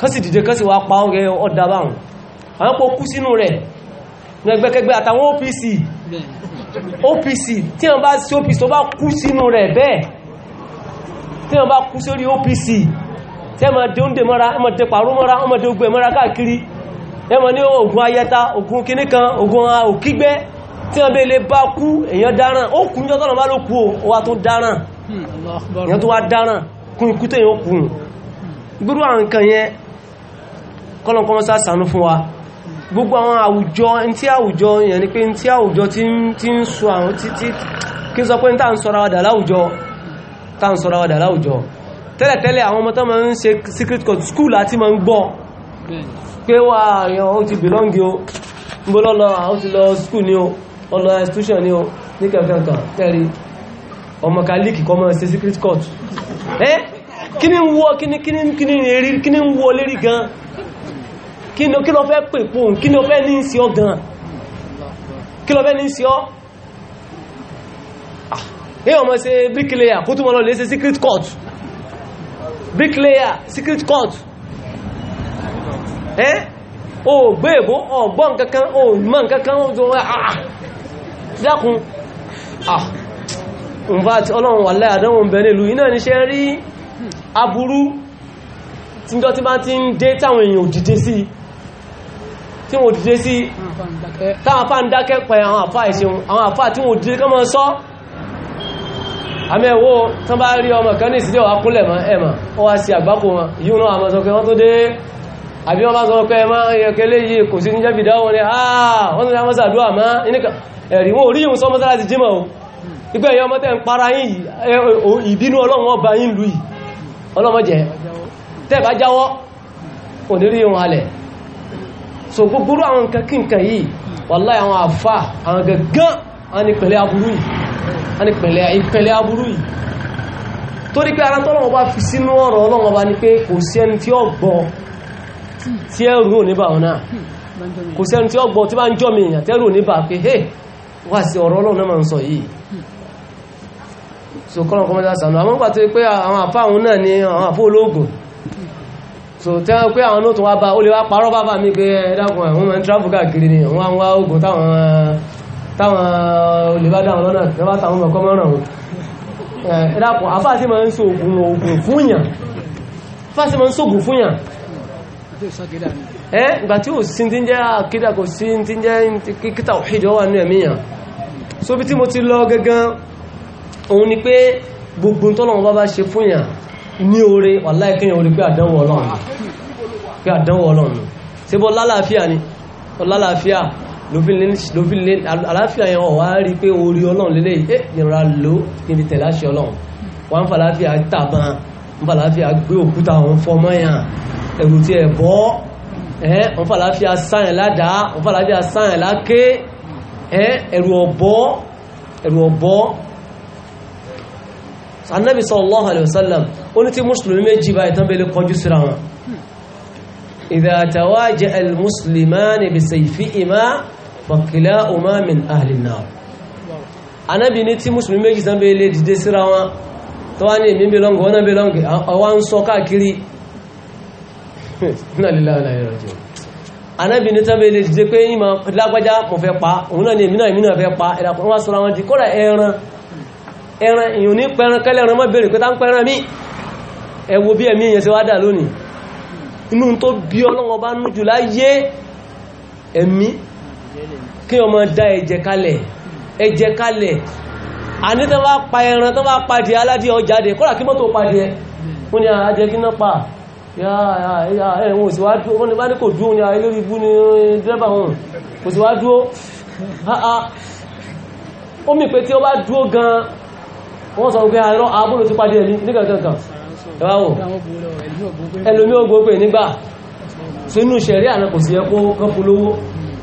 kẹsì dìde kẹsì wá pàánjọ́ ọ̀dà báwọn àwọn kó kú sínú rẹ̀ OPC tí wọ́n bá sí OPC tó bá kú sínú rẹ̀ bẹ́ẹ̀ tí wọ́n bá kú sórí OPC tí ẹmọ dé oúnjẹ mọ́ra ẹmọ dé pàró mọ́ra ọmọ dé ogun ẹmọ́ra káàkiri ẹmọ ní ogun ayẹta ogun kíníkan ogun ah, òkígbẹ́ tí wọ́n bẹ lè bá kú èyàn dáràn ó kú níjọ́ tọ́nà má ló kú ó wá tó dáràn èyàn tó wá dáràn kún ikú tó èyàn kú gbúrú àwọn nǹkan yẹn kọ́lọ̀kọ́mọ́sá sànú fún wa gbogbo àwọn àwùjọ tí àwùjọ yẹn ni pé tí àwùjọ tí ń sọ àwọn títí kí n sọ pé tá ń sọra wàdà láwùjọ tá ń sọra wàdà láwùjọ tẹ́lẹ̀tẹ́lẹ̀ àwọn ọmọ tó máa ń ṣe secret court school àti máa ń gbọ́ pé wà àyàn ó ti belong o ń bọ́ lọ́lọ́ àwọn ti lọ school ni o ọlọ institution ni o ní kẹfẹ́ǹkan tẹ́rí ọmọ kálíkì kọ́ máa ṣe secret court ẹ́ kí ni ń wọ́ kí ni ń wọ́ lérí gan kí ni ó fẹ́ pè pò kí ni ó fẹ́ ní sí ọ gan kí ló fẹ́ ní sí ọ èyàn ọmọ ṣe bricklayer kó túnmọ̀ lọ ṣe secret court bricklayer secret court ẹ́ o gbé èbó ọgbọ́n kankan o mọ́ kankan o jọ àà ah, ah. dákun ah in fact ọlọ́run wà láì àdánwò ń bẹ nílùú iná ní ṣe rí aburú tíjọ tí bá ti ń dé táwọn èèyàn òjìdé sí tí wọ́n dìde sí táwọn ń dákẹ́ pẹ̀ àwọn àfá ìṣeun àwọn àfá tí wọ́n dìde kọ́mọ sọ́ àmẹ́wó tán bá rí ọmọ kan ní ìsìdí ọ̀wá kúnlẹ̀ mọ́ ẹ̀mà ó wá sí àgbákò wọn yíò náà àmọ́ sọ wọ́n tó dé àbí wọ́n bá sọ pé ẹmọ́ ẹ̀kẹ́lẹ́ yìí kò sí ọmọ para yín so gbogbo àwọn nǹkan kí nǹkan yìí wàláhì àwọn àfà àwọn gẹ̀gán àwọn ìpẹ̀lẹ̀ aburú yìí àwọn ìpẹ̀lẹ̀ aburú yìí torí pé ara tọ́lọ́wọ́ bá fi sínú ọ̀rọ̀ ọlọ́wọ́ bá ní pé kò sí ẹni tí ó gbọ́ tí ẹrù oníbà ọ̀nà kò sí ẹni tí ó gbọ́ tí bá ń jọ́ mi tẹ́rù ni àwọn àfó so tí wọ́n pé àwọn nóòtù wá bá ó lè wá parọ́ bàbá mi pé ẹ̀dàkùn àwọn ọmọ travel káàkiri ni wọ́n wá ogun táwọn olùbádàn lọ́nà tẹ́wà táwọn ọmọ kọmọ́ràn wọn ẹ̀dàkùn afáàsí ma ń so ogun fúnyàn fáàsí ma ń sógun fúnyàn ẹ́ ìgbà tí ó sí ti ń jẹ́ àkídà ní oore wàláhì kéèyàn orí pé àdánwò ọlọ́run pé àdánwò ọlọ́run ṣe bọ́ lálàáfíà ni lálàáfíà lófin lé àlàáfíà yẹn wà rí pé orí ọlọ́run lélẹ̀ ẹ̀ nira ló níbi tẹ̀lé àṣẹ ọlọ́run wà ń fàlàáfíà tàbọn ń fàlàáfíà gbé òkúta òun fọmọ yàn ẹ̀rù tí ẹ̀ bọ́ ẹ̀ ń fàlàáfíà sáyẹn ládàá ń fàlàáfíà sáyẹn láké ẹ̀ ẹ̀rù ọ̀bọ ẹ̀rù ọ̀bọ anabi sallallahu alayhi wa sallam ó ní tí mùsùlùmí méjì bá ìtàn bẹ́lẹ̀ kọjú síra wọn idha tawaja'a al-muslimani bisayfihima fakilahuma min ahli an-nar anábì ní tí mùsùlùmí méjì tán bẹ́lẹ̀ dìde síra wọn tó wá ní èmi belong wọn náà belong ọwá ń sọ káàkiri inna lillahi wa inna ilayhi raji'un anábì ní tán bẹ́lẹ̀ dìde pé ìmọ̀ lágbájá mo fẹ́ pa òun náà ni èmi náà èmi náà fẹ́ pa ìdàpọ̀ wọn sọ́ra ẹran ẹran ìyọ̀ní pẹran kẹlẹ́ran mọ́ bèèrè pé tá ń pẹran míì ẹ wo bí ẹ̀mí èyàn ṣe wá dà lónìí inú tó bí ọlọ́wọ́ bá nújù láyé ẹ̀mí kí ọmọ dá ẹ̀jẹ̀ kalẹ̀ ẹ̀jẹ̀ kalẹ̀ àní tó bá pa ẹran tó bá padì aládìí ọjáde kọ́lá kí mọ́tò padì ẹ wọ́n ni àájẹ́ kí náà pa ẹ̀wọ̀n òsì wá dúó wọ́n ni bá ní kò dúó ní àìlórí ibú ní dẹ́bà wọn òsì wá dúó ó mì pé tí ó bá dúó gan wọ́n sọ pé àìrọ́ àbúrò ti padì ẹ̀ ní gàgàgàn ẹwàwò ẹlòmí ògbó pè nígbà sínú ṣẹ̀rí àná kò sí ẹkó kọ́pù lówó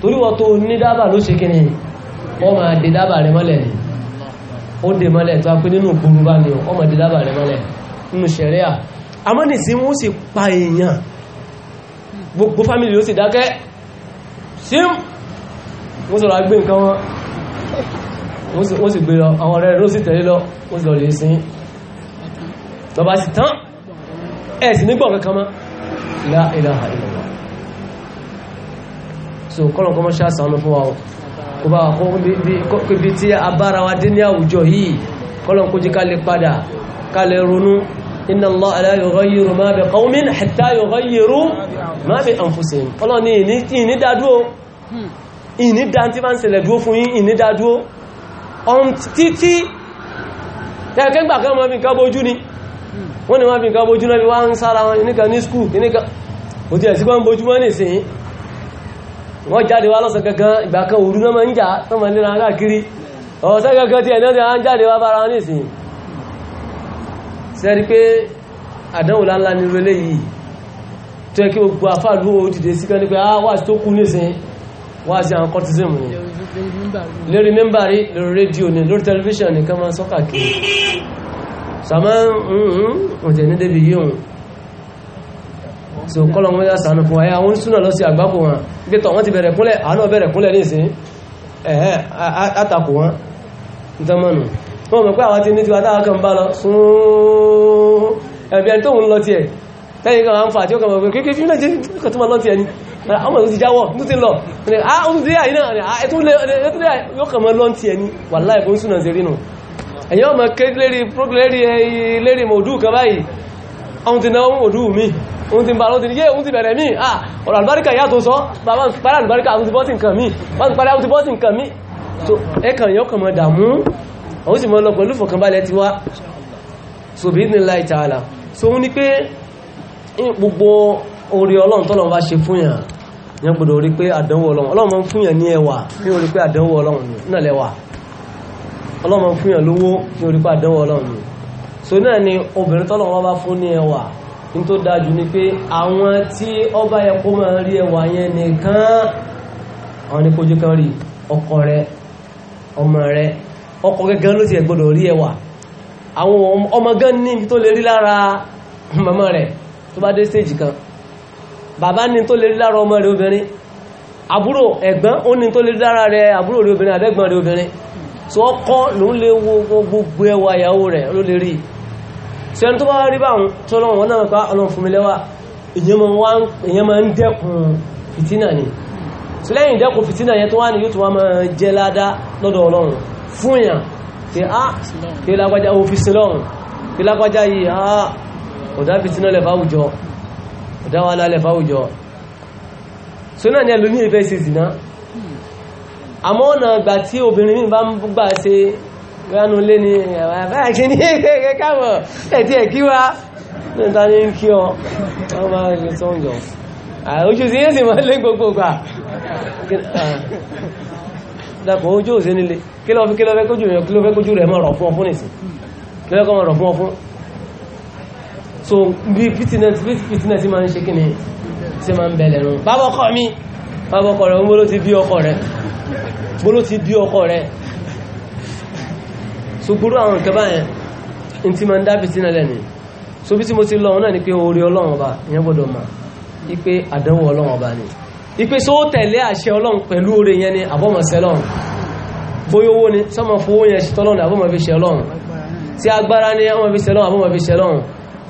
torí wọ́n tó ní dábà ló ṣe kíni wọ́n máa dé dábà rẹ mọ́lẹ̀ ni ó dé mọ́lẹ̀ tó a pé nínú gbogbo bá ní wọ́n máa dé dábà rẹ mọ́lẹ̀ nínú ṣẹ̀rí à amọ́nìsí wọ́n sì pa èèyàn gbogbo fámìlì ló sì dákẹ́ sí wọ́n sọ̀rọ̀ agbé nǹkan wọn wọ́n sì gbé lọ àwọn ọ̀rẹ́ ló sì tẹ̀lé lọ wọ́n sì lọ lè sin lọ́bá sì tán ẹ̀sì nígbọ̀ kankan mọ́ la ilaha illallah so kọ́lọ̀ kọ́mọ́ ṣàṣánú fún wa kò bá kọ́kọ́ bí tí a bára wa dé ní àwùjọ yìí kọ́lọ̀ kó jí ká lè padà ká lè ronú inna Allah la yughayyiru ma bi qawmin hatta yughayyiru ma bi anfusihim kọ́lọ̀ ní hmm. ìní dádúó ìní dáńtí máa ń ṣẹlẹ̀ wọ́n ni wọ́n fi nǹkan bojú náà bí wọ́n ń sára wọn níkan ní skúù níkan kò tí ẹ̀ sí wọ́n bojú mọ́ nìsìn wọ́n jáde wá lọ́sàn kankan ìgbà kan òru náà máa ń jà tó máa lera káàkiri ọ̀sẹ́ kankan tí ẹ̀ náà ń jáde wá bára wọn nìsìn sẹ́rí pé àdánwò láńlá ni relé yìí tó yẹ kí gbogbo afáàlú ó dìde sí kan ní pé á ah, wà tó kú nìsìn wá sí àwọn kọ́tísìmù ni lórí mẹ́mbàrí lórí rédíò ni lórí tẹlifíṣàn nìkan máa ń sàmọ́ mm, mm, ọ̀tẹ̀ ní débi yíò so kọ́lọ̀ wọ́n yá sànú fún ayá wọ́n súnà lọ sí àgbákò wọn gẹ́tọ̀ wọ́n ti bẹ̀rẹ̀ kúnlẹ̀ àánú bẹ̀rẹ̀ kúnlẹ̀ ní ìsìn ẹ̀hẹ́ àtakò wọn nítọ́mọ̀nù wọ́n mọ̀ pé àwọn ti ní tiwa táwọn kan bá lọ sún ẹ̀bí ẹni tó ń lọ tiẹ̀ tẹ́yìn kan àǹfà ni àwọn èèyàn ti jáwọ́ ah ó ti dé àyínà ẹ̀tún ah, lé yóò kàn mọ́ lọ́ntì ẹni wàláì ẹ̀yìn ọmọ kéde lérí lérí lérí mòdú kan báyìí ohun ti náà mòdú mi ohun ti bàrọ̀ ti yé ohun ti bẹ̀rẹ̀ mi ah ọ̀rọ̀ àlùbáríkà ìyá tó sọ bàbá ń parí àlùbáríkà àwọn ti bọ́sì nǹkan mi bá ń parí àwọn ti bọ́sì nǹkan mi so ẹkàn yọ kàn mọ dààmú àwọn sì mọ lọ pẹ̀lú fọ̀kànbalẹ̀ ti wá so bí ní láì tààlà so ó ní pé gbogbo orí ọlọ́run tọ́lọ́run bá ṣe fún yàn yẹn gbọdọ̀ rí pé àdánwò ọlọ́run ọlọ́run máa ń fún yàn ní ẹwà ní orí pé àdánwò ọlọ́run náà lẹ́wà ọlọ́run fún yàn lówó ní orí pa àdánwò ọlọ́run so náà ni obìnrin tọ́lọ́run bá fún ní ẹwà ní tó dájú ni pé àwọn tí ọba yẹ kó máa rí ẹwà yẹn nìkan àwọn ní kojú kan rí ọkọ rẹ ọmọ rẹ ọkọ gẹ́gẹ́ ló ti ẹ̀ gbọ́dọ̀ rí ẹwà àwọn ọmọ gan ní ibi tó lè rí lára màmá rẹ tó bá dé stage kan bàbá ní tó lè rí lára ọmọ rẹ obìnrin àbúrò ẹ̀gbọ́n ó ní tó lè rí lára rẹ àbúrò rẹ obìnrin àbẹ́gbọ́n rẹ obìnrin so ọkọ ló ń lè wo gbogbo ẹwà ìyàwó rẹ̀ ló lè rí so ẹni tó bá rí báwọn tó lọ́wọ́ wọn náà ká ọlọ́run fún mi lẹ́wà èyàn máa ń dẹ́kun fìtínà ni so lẹ́yìn dẹ́kun fìtínà yẹn tó wá ní yóò tó wá máa jẹ́ ládá lọ́dọ̀ ọlọ́run fún yàn pé á ah, pé lágbájá òfìsí lọ́run pé lágbájá yìí á ah, ọ̀dá fìtínà lẹ̀ fáwùjọ ọ̀dá wa lálẹ̀ fáwùjọ so náà ni ẹlòmíì fẹ́ ṣe zìnà àmọ́ ọ̀nà ìgbà tí obìnrin mi bá ń gbà ṣe ránú lé ní ẹ̀wà àbáyàkí ní ẹ̀kẹ́kẹ́ káàmọ̀ ẹ̀tí ẹ̀kí wá níta ní kí ọ wọ́n máa ṣe sọ́njọ́ ojú sí yẹ́sì máa lé gbogbo gbà dàpọ̀ ojú òsè nílé kí ló fẹ́ kójú rọ̀ fún ọ so bí fitness máa ń ṣe kí ni ṣe máa ń bẹ̀lẹ̀ rún bábọ́kọ̀ mi bábọ́kọ̀ rẹ̀ ń bó ló ti bí ọkọ̀ rẹ̀ bóló ti bí ọkọ rẹ̀ so gbúrú àwọn nǹkan báyẹn in ti ma ń dábì sínú ẹlẹ́ni so bí tí mo ti lọ náà ni pé orí ọlọ́run ọba ìyẹn gbọ́dọ̀ mà ipe àdánwò ọlọ́run ọba ni ipe so ó tẹ̀lé àṣẹ ọlọ́run pẹ̀lú oore yẹn ni àbọ̀mọ̀sẹ́ lọ́run bóyá owó ni sọ́mọ fowó yẹn ṣe tọ́lọ́run àbọ̀mọ̀ fi ṣe ọlọ́run tí agbára ni ọmọ fi ṣe ọlọ́run àbọ̀mọ̀ fi ṣe ọlọ́run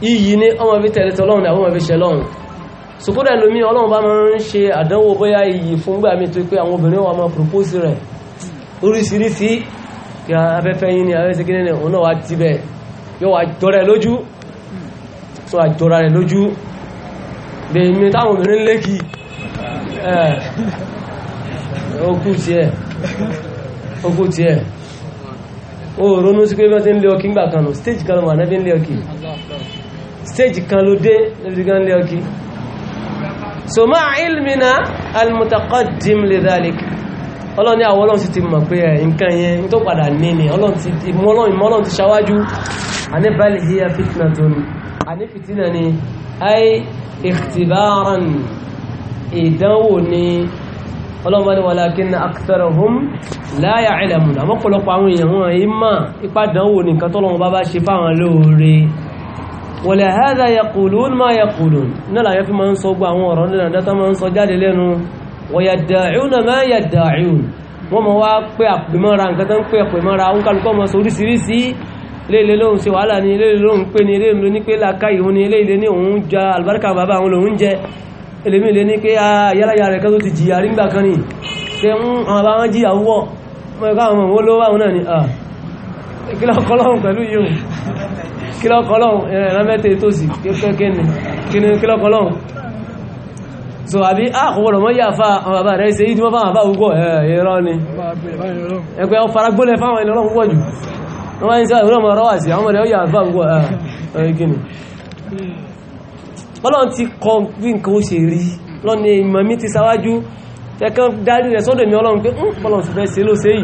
iyì ni ọmọ fi tẹ̀lé tọ́lọ́run àbọ̀mọ̀ fi ṣe ọlọ́run sòkòdà lómi ọlọ́run bá máa ń ṣe àdánwò bóyá iyì fún gbà mí tó pé àwọn obìnrin wa máa propose rẹ̀ oríṣiríṣi kí afẹ́fẹ́ yín ni afẹ́fẹ́ kí ní ọ̀nà wa ti bẹ̀ yóò wá jọra ẹ lójú tó wá jọra ẹ lójú bèèmí táwọn obìnrin lékì ẹ̀ okú tiẹ̀ okú o ronú sí pé bí wọ́n ti ń lé ọkí ń kan nù stage kan lọ́wọ́ àná fi ń lé ọkí stage kan ló dé níbi kan lé ọkí so máa ilmina almutaqaddim lidhalik ọlọ́run ní àwọn ọlọ́run sì ti mọ̀ pé ẹ̀ eh, nǹkan yẹn tó padà ní ni ọlọ́run ti ṣáwájú anibali hiya fitnatun ani fitina ni ay ikhtibaran ìdánwò ni ọlọ́run bá ní walakinna aktharahum la ya'lamun àmọ́pọ̀lọpọ̀ àwọn èèyàn wọn yìí mọ̀ ولهذا يقولون ما يقولون نلا يفهم من صوب أمور لنا تمن صجاد ما يدعون wọ́n mọ̀ wá pé àpèmọ́ra nǹkan tó ń pè àpèmọ́ra ń kálukọ́ mọ̀ sóríṣiríṣi léèlé lóhun ṣe wàhálà ní léèlé lóhun pé ní léèlé ní pé làkà ìhun ní léèlé ní òun ja àlùbáríkà bàbá àwọn lòun jẹ èlèmí lè ní pé ayáláyà rẹ̀ kan tó ti jìyà rí ńgbà kan ní ṣe ń àwọn bá wọn jìyà wọ́ mọ̀ ẹ̀kọ́ àwọn kílọ̀kọ́lọ́hùn pẹ̀lú yíò kílọ̀kọ́lọ́hùn ẹ̀rẹ́mẹ́tẹ̀ tó sì kílọ̀kọ́lọ́hùn kílọ̀kọ́lọ́hùn so àbí àkọwọ́rọ̀ ah, mọ́ yà fa àwọn bàbá rẹ̀ ṣe ìdí mọ́ fáwọn bá ugbọ́ ẹ̀rọ ni ẹgbẹ́ ọ faragbólẹ̀ fáwọn ìlọ́rọ̀ ugbọ́ jù wọ́n máa ń sọ ìrọ̀ mọ́ rọ́wà sí àwọn ọmọdé ó yà fa ugbọ́ ẹ̀ẹ́gìnì bọ́lọ́n ti kọ bí nǹkan ó ṣe rí lọ́nà ìmọ̀ mi ti sáwájú ẹ̀kan darí rẹ̀ sọ́dọ̀ mi ọlọ́run pé hm, bọ́lọ́n ti fẹ́ ṣe ló ṣe yìí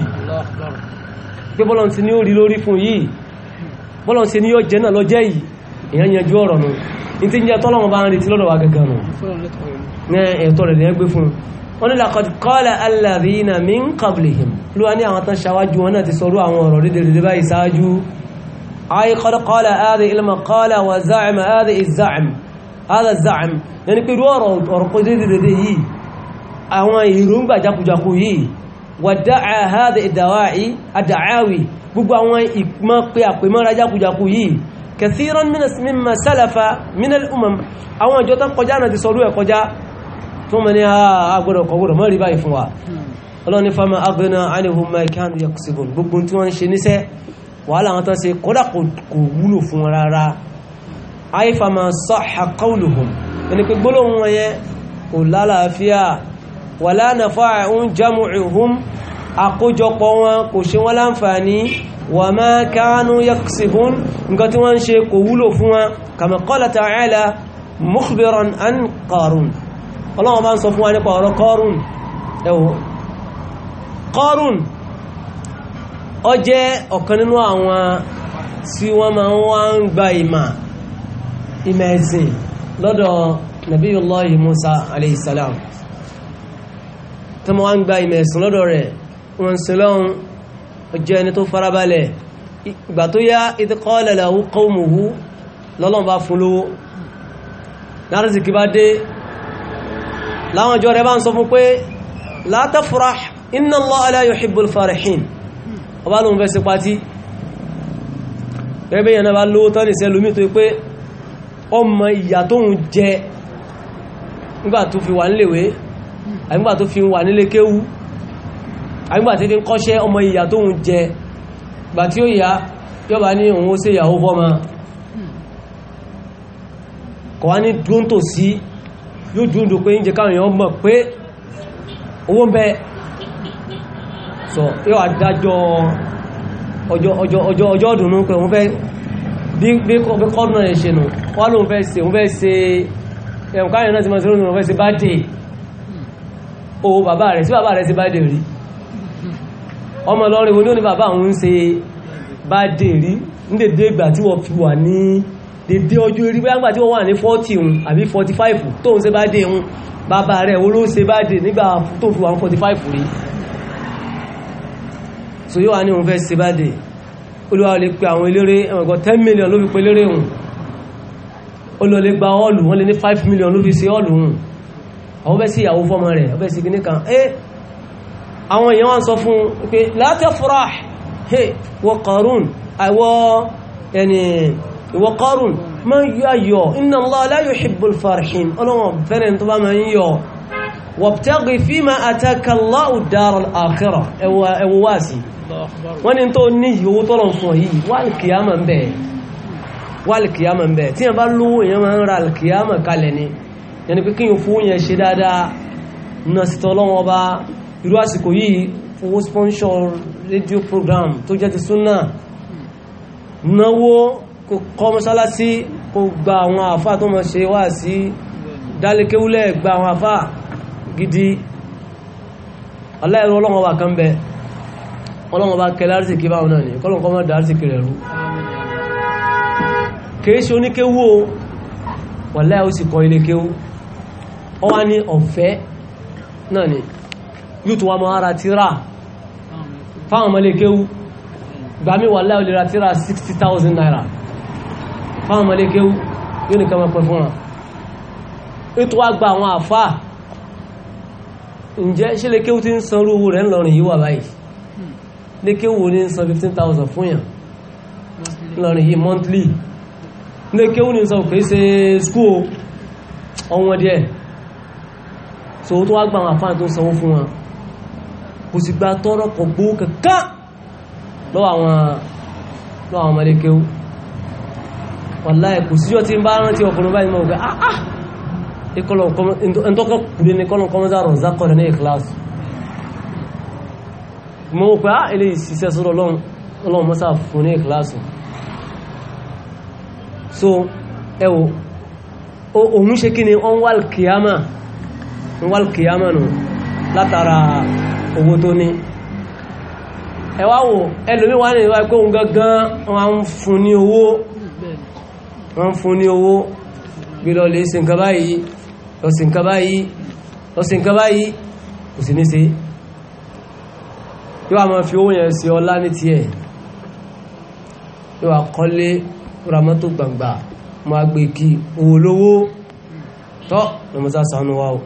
pé bọ́lọ̀n ti ní ó rí lórí fún yìí bọ́lọ̀n ti ní ó jẹ́ náà lọ jẹ́ yìí èyàn yanjú ọ̀rọ̀ nù ní tí ń jẹ́ tọ́lọ́wọ́n bá ń retí lọ́dọ̀ wa gẹ́gẹ́ nù ní ẹ̀tọ́ rẹ̀ lẹ́yìn gbé fún wọn ni laqad qala alladhina min qablihim lúwa ní àwọn tán ṣáwájú wọn náà ti sọrú àwọn ọ̀rọ̀ yìí wàdáà hádà ìdàwáì àdàáwì gbogbo àwọn ìpínmọ́ pé àpèmọ́ rajákujaku yìí kathiran mímọ̀ sálàfà minal umam àwọn ìjọ tán kọjá náà ti sọrú ẹ̀ kọjá tó mọ̀ ní àgbọ̀dọ̀ ah, kọgbọ̀dọ̀ mọ́ rí báyìí fún wa ọlọ́ni fama agbẹ́nà anihun maikan wàlá nafa'un jam'uhum àkójọpọ̀ wọn kò ṣe wọ́n láǹfààní wà ma kanu yaksibun nǹkan tí wọ́n ń ṣe kò wúlò fún wọn kama qala ta'ala mukhbiran an qarun ọlọ́wọ́n bá ń sọ fún wa nípa ọ̀rọ̀ qarun ẹ̀wọ̀ qarun ó jẹ́ ọ̀kan nínú musa alayhi salam tó mọ́ wá ń gba ìmẹ̀ ẹ̀sìn lọ́dọ̀ rẹ̀ wọ́n ń sin lọ́hun ọjọ́ ẹni tó farabalẹ̀ ìgbà tó yá ìdíkọ́ọ̀lẹ̀ làwọn kọ́ọ̀mùhú lọ́lọ́n bá fún lówó lárísìkí bá dé láwọn ọjọ́ rẹ̀ bá ń sọ fún pé la tafrah inna jẹ nígbà tó fi wà níléwé àyíngbà tó fi ń wà nílé kéwú àyíngbà tí ń kọ́ṣẹ́ ọmọ ìyà tó ń jẹ gbà tí ó yá yọba ní òun ó sí ìyàwó fọ́mọ kọ̀wá ní dún tò sí yóò dúndù pé ń jẹ káwọn èèyàn mọ̀ pé owó ń bẹ sọ yóò adájọ́ ọjọ́ ọdúnnú pé òun fẹ́ bí kọ́dùnà ẹ̀ṣẹ̀ nù wọ́n lóun fẹ́ ṣe òun fẹ́ ṣe ẹ̀mùkáyọ̀ náà ti mọ̀ sí òun fẹ́ ṣe bá dé owó bàbá rẹ̀ sí bàbá rẹ̀ sí bá dè rí ọmọ lọ́rin wo ní òní bàbá òun ń ṣe bá dè rí ní dédé ìgbà tí wọ́n fi wà ní dédé ọjọ́ orí bóyá nígbà tí wọ́n wà ní 40 un àbí 45 tó ń ṣe bá dè un bàbá rẹ̀ wo ló ṣe bá nígbà tó fi wà ní 45 rí so yóò wá ní òun fẹ́ ṣe bá dè olúwa lè pe àwọn eléré ẹ̀wọ̀n 10 million ló fi pe eléré un olùwà lè gba ọ́ọ̀lù wọ́n lè ní 5 million ló fi ṣe ọ́ọ̀lù un àwọn bẹ́ sí ìyàwó fọ́mọ rẹ̀ ọbẹ̀ sí gíní kan eh àwọn èèyàn wọ́n sọ fún pé la tafrah he wọ Qarun àwọ ah, ẹni ìwọ Qarun ma yọ ayọ̀ inna Allah la yuhibbul farihin ọlọ́wọ̀n fẹ́rẹ̀ tó bá ma ń yọ wabtaghi fima ataka Allahu daral akhirah ẹwọ wá sí wọ́n ni tó ní ìyówó ni yẹni pé kíyàn fún yẹn ṣe dáadáa náà sí ọba irú àsìkò yìí fowó sponsor radio program tó jẹ́ ti súnà náwó kò kọ́ mọ́sálásí kò gba àwọn àfá tó mọ́ ṣe wá sí dálékéwúlẹ̀ gba àwọn àfá gidi aláìrọ ọlọ́wọ́n ọba kan bẹ ọlọ́wọ́n ọba kẹlẹ́ àrísìkí báwọn náà ni kọ́lọ̀ kọ́ mọ́ da àrísìkí rẹ̀ rú kìí ó sì kọ́ ilé kéwú ọwá ní ọ̀fẹ́ náà ni yóò tó wá mọ́ ara tíra fáwọn mọ́lékéwú gbà mí wà láì olèrà tíra 60,000 naira fáwọn mọ́lékéwú yóò nìkan mọ́ pẹ́ fún wọn ètò wá gba àwọn àfá ǹjẹ́ ṣe lékéwú ti ń san owó rẹ̀ ńlọrin yìí wà báyìí lékéwú ní ń san 15,000 fún yàn monthly lékéwú ní ń san kìí school ọwọ́n díẹ̀ so tó wá gba àwọn àfáà tó sanwó fún wọn kò sì gba tọ́rọ kọ̀ gbó kankan lọ́wọ́ àwọn lọ́wọ́ àwọn ọmọdé kéwú wàláhì kò síjọ́ tí ń bá rántí ọkùnrin báyìí ah, ah, mọ́ ọ̀gá ah ntọ́kọ̀ kùdé ní kọ́lọ̀ kọ́mọ́dá rọ̀ zákọ̀rẹ̀ ní ìkìláàsì mọ́ pẹ́ á ilé ìsìsẹ́ sọ́rọ̀ ọlọ́run mọ́sá fún ní ìkìláàsì so ẹwọ ohun ṣe kí ni wọ́n wà kìyàmà ń wá kìyàmà nù látara owó tó ní ẹwà wò ẹlòmí wà ní ìwà ikú gangan wọ́n ń fún ní owó wọ́n ń fún ní owó gbílọ lè ṣe nǹkan báyìí lọ ṣe nǹkan báyìí lọ ṣe nǹkan báyìí kò sí ní ṣe yóò àmọ́ fi owó yẹn sí ọlá ní tiẹ̀ yóò àkọlé ramọ́tò gbàngbà máa gbé kí owó lówó tọ́ lọ́mọ́sá sanúwá o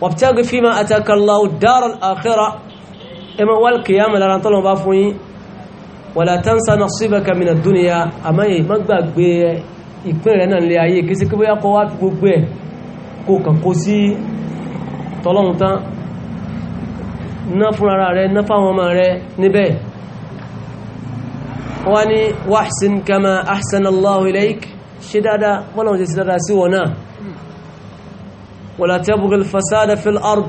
wabtagi fima ataka Allahu daral akhirah ẹ máa wal qiyamah lára tọ́lọ́ bá fún yín wala tansa nasibaka mina dunya àmọ́ yìí má gbàgbé ìpín rẹ̀ náà lé ayé kí sí kí bóyá kọ́ wá fi gbogbo ẹ̀ kó kàn kó sí tọ́lọ́run tán ná fúnra rẹ̀ ná fáwọn wahsin kama ahsanallahu ilayk ṣe dáadáa wọ́n lọ́wọ́ sí dáadáa sí wọ́n wala tabghil fasada fil ard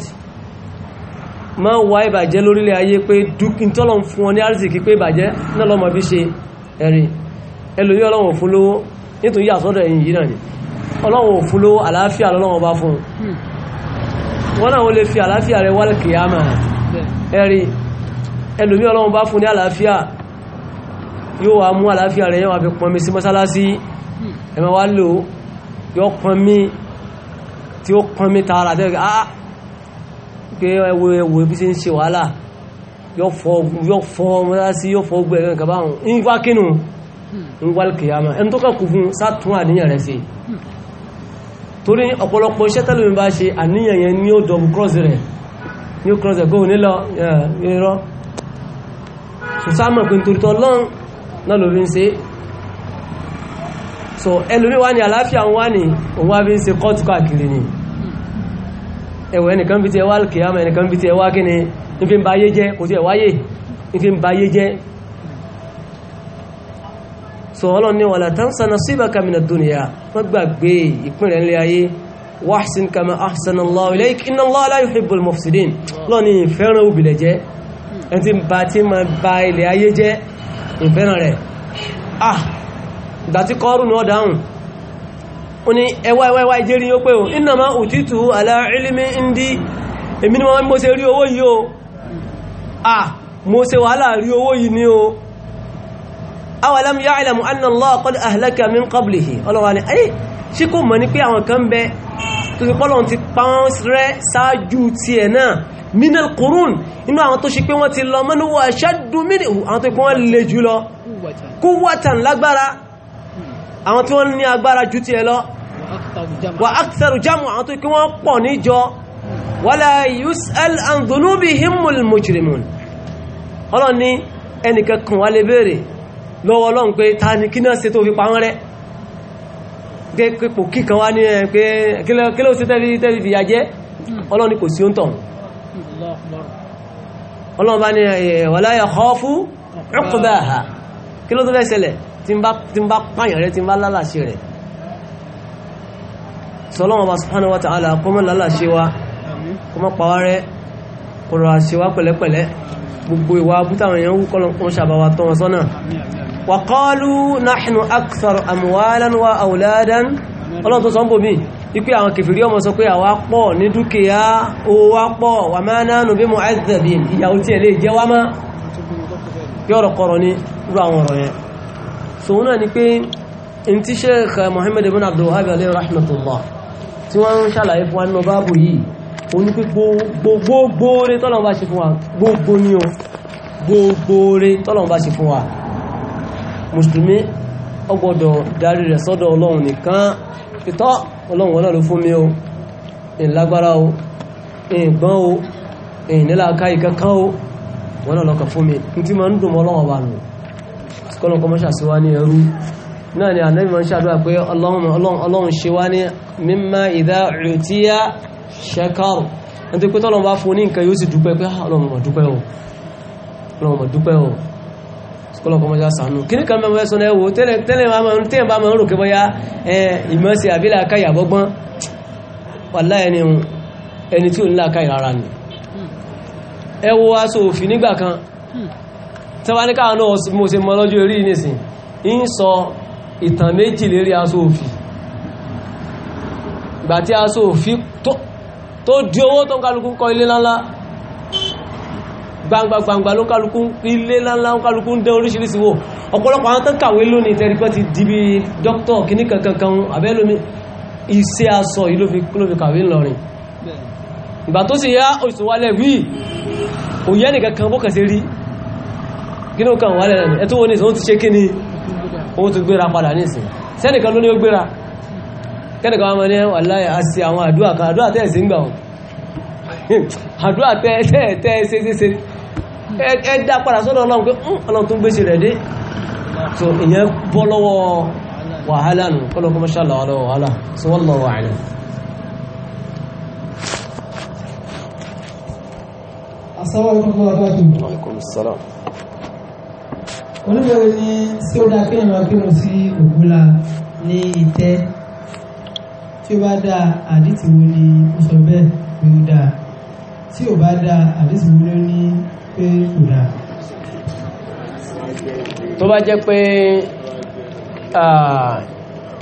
ma wá ìbàjẹ́ lórílẹ̀ ayé pé dúkín tọ́lọ̀n fún ọ ní àrísìkí pé ìbàjẹ́ náà lọ́mọ bí ṣe ẹ̀rì ẹlòmí ọlọ́wọ̀n fún lówó nítorí àsọ́dọ̀ ẹ̀yìn yìí náà ni ọlọ́wọn fún lówó àlàáfíà lọ́lọ́wọ́n bá fún hmm. wọn náà wọ́n lè fi àlàáfíà rẹ̀ wálẹ̀ kìyàmà ẹ̀rì ẹlòmí ọlọ́wọ́n bá fún ní àlàáfíà yóò wá mú àlàáfíà tí ó kán mẹ́ta ara tẹ́ pé ẹwọ ẹwọ ibi tí ń ṣe wàhálà yóò fọ mọ́lásí yóò fọ ogun ẹ̀rẹ́ ìkàbá àwọn ìwá kínú ń wá hmm. kìyàmà ẹni tó kàkù fún sátún àníyàn rẹ̀ sí hmm. torí ọ̀pọ̀lọpọ̀ iṣẹ́ tẹ́lẹ̀mí so ẹlòmí wá ní àlàáfíà wá ní òun wá fi ń ṣe kọ́tù káàkiri ni ẹ̀wọ̀ ẹnìkan fi ti ẹwà kìyàmà ẹnìkan fi ti ẹwà kí ni ní fi ń bá ayé jẹ́ kò tí ẹwà yé ní fi ń bá ayé jẹ́ so ọlọ́run ní wàlá tansa nasibaka mina dunya wọ́n gbàgbé ìpínlẹ̀ ńlẹ̀ ayé wahsin kama ahsana Allahu ilayk inna Allaha la yuhibbul mufsidin lọ́ni ilẹ̀ ayé jẹ́ ìfẹ́ràn rẹ̀ ah, oní ẹwà ẹwà ìjẹ́rí yóò pé o iná máa òtítù aláìlímí ndí èmi ni wọ́n mọ́ se rí owó yìí o à mọ́ se wàhálà rí owó yìí ni o awalam ya'lamu anna Allah qad ahlaka min qablihi ọlọ́wà ni ayé ṣí kò mọ̀ ní pé àwọn kan bẹ tó ti pọ́lọ̀ ti pàwọn rẹ sáájú ti tí wọ́n ní agbára ju ti ẹ̀ lọ wà aksaru jamu àwọn tó kí wọ́n pọ̀ níjọ wala yus'al an dhunubihimul mujrimun ọlọ́n ní ẹnìkan kan wà lè béèrè lọ́wọ́ ọlọ́n pé ta ni kí náà ṣe tó fi pa wọ́n rẹ́ pò kí kan wá ní ẹ pé kí ló ṣe tẹ́lifí fìyà jẹ́ ọlọ́n ní kò sí ó ń tàn ọlọ́n bá ní wala yakhafu uqbaha kí ló tó fẹ́ ṣẹlẹ̀ tí ń bá pààyàn rẹ̀ tí ń bá lálàṣẹ rẹ̀ sọlọ́wọ́n bá subhanahu wa ta'ala kọ́mọ́ lálà ṣe wa kọ́mọ́ pa wá rẹ́ kọ̀rọ̀ àṣẹ wa pẹ̀lẹ́pẹ̀lẹ́ gbogbo ìwà abútàwọn èèyàn wú kọ́lọ́kún ṣàbáwá tọ́ wọn sọ́nà wa qalu nahnu akthar amwalan wa auladan ọlọ́run tó sọ ń bò mí ipé àwọn kèfèrí ọmọ sọ pé àwa pọ̀ ní dúkìá owó pọ̀ wà ni pé in ti Sheikh Muhammad ibn Abdul alayhi rahmatullah tí wọ́n ń ṣàlàyé fún wa nínú báàbù yìí o ní pé gbogbo rẹ tọ́lọ̀ bá ṣe fún wa gbogbo ní o gbogbo rẹ tọ́lọ̀ bá ṣe fún wa mùsùlùmí ó gbọ́dọ̀ darí rẹ̀ sọ́dọ̀ ọlọ́run nìkan ìtọ́ ọlọ́run wọn náà ló fún mi o ìlágbára o ìgbọ́n o ìnílàáká náà ni ànábì máa ń ṣàdúrà pé ọlọ́run ṣe wá ní mímá ìdá ìrètíyà ṣẹ́kọ̀rù ẹni tó pé tọ́lọ́run bá fún ní nǹkan yóò sì dúpẹ́ pé ah, ọlọ́run mọ̀ dúpẹ́ o ọlọ́run mọ̀ dúpẹ́ o kọlọ́kọ́ mọ́ já sànú kí ní kan mẹ́wọ́ ẹ̀sọ́nà ẹ̀wò tẹ́lẹ̀ bá máa ń rò kí bọ́yá ìmọ̀sí àbílẹ̀ akáyà bọ́gbọ́n wàlá ẹni ẹni tí ò nílá akáyà rárá ni ẹwọ aṣọ òfin nígbà kan hmm. tẹ́wàá ní káà náà mo ṣe mọ́ lọ́jọ́ orí nísìn ń ìtàn méjì lérí aṣọ òfì ìgbà tí aṣọ òfì tó di owó tó ń kálukú kọ́ ilé ńláńlá gbangba-gbangba ló kálukú ilé ńláńlá ó kálukú ń dán oríṣiríṣi wò ọ̀pọ̀lọpọ̀ àwọn tó kàwé lónìí tẹ́ríkọ́ ti di bí dókítọ̀ kìíní kankan abẹ́lómi iṣẹ́ aṣọ yìí ló fi kàwé ńlọrin ìgbà tó sì yá oṣù wálẹ̀ wí òyẹ́nìkankan bókàṣe rí kí ní ó kàn wálẹ̀ ẹ̀tọ́ wọn ni ìṣòro ti ṣe kí ni ó tún gbéra padà nísìn sẹ́nìkan ló ní ó gbéra kẹ́nìkan wọ́n ní wàláhì àṣì àwọn àdúrà kan àdúrà tẹ́ sí ń gbà wọn àdúrà tẹ́ tẹ́ ṣe ṣe ṣe ẹ dá padà sọ́dọ̀ ọlọ́run pé hmm, ọlọ́run tó ń so ìyẹn bọ́ lọ́wọ́ wàhálà nù kọ́lọ́kọ́ mọ́ṣálà ọlọ́wọ́ so wọ́n lọ wàhálà Assalamu oníbẹ̀rẹ̀ ní sí ó dá kéèyàn máa kírun sí ògbóla ní ìtẹ́ tí ó bá dá àdìtì ni ó sọ bẹ́ẹ̀ pé ó dáa tí ò bá dá àdìtì wo ló ní pé kò dáa. tó bá jẹ́ pé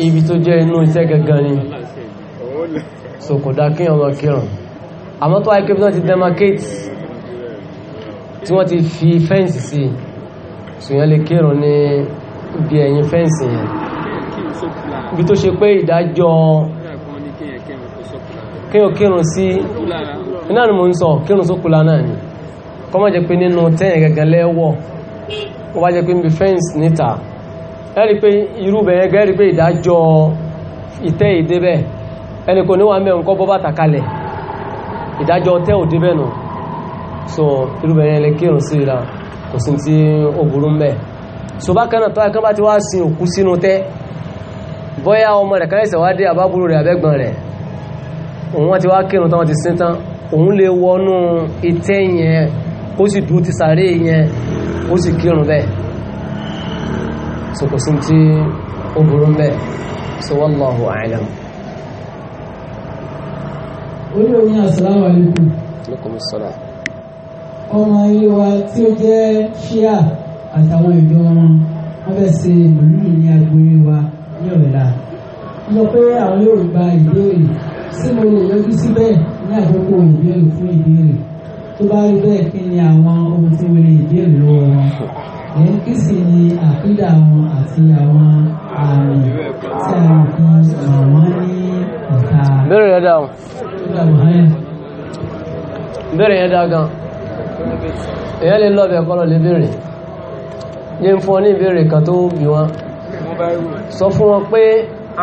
ibi tó jẹ́ inú iṣẹ́ gangan ni so kò dá kéèyàn máa kírun àmọ́ tó wáyé pé wọ́n ti demarcate tí wọ́n ti fi fẹ́ǹsì sí i sùnyán lè kírùn ní ibi ẹ̀yìn fẹ́ǹsì yẹn ibi tó ṣe pé ìdájọ́ kíyàn kírùn sí iná ni mo ń sọ kírùn sókùlá náà ni kọ́ má jẹ́ pé nínú tẹ́yìn gẹ́gẹ́ lẹ́wọ̀ ó bá jẹ́ pé níbi fẹ́ǹsì níta ẹ̀rí pé irú bẹ̀rẹ̀ ìdájọ́ tẹ́ òdébẹ̀ nù so irú bẹ̀rẹ̀ lè kírùn sí ìlànà kò sí tí ó burú mẹ́ so bákan náà ti wá sin òkú sínú tẹ́ bóyá ọmọ rẹ̀ kan wá dé àbábúrú rẹ̀ abẹ́gbọ̀n rẹ̀ òun ti wá kírun tán ti sin ti yẹn o si so so wallahu a'lam oyin alaikum. Alaikum assalam. ọmọ wa tí ó jẹ́ ṣíà àtàwọn ìlú wọn fẹ́ ṣe ní agbórí wa ní lọ pé àwọn yóò gba ìbéèrè sí mo lè yọjú síbẹ̀ ní àkókò ìbéèrè fún ìbéèrè tó bá rí bẹ́ẹ̀ kí ni àwọn ohun tí wọ́n lè lọ́wọ́ wọn sì ni àkídà èyàn lè lọ́bẹ̀ kọ́lọ̀ lè bèèrè jẹ́ fún ọ ní ìbéèrè kan tó bí wọn sọ fún wọn pé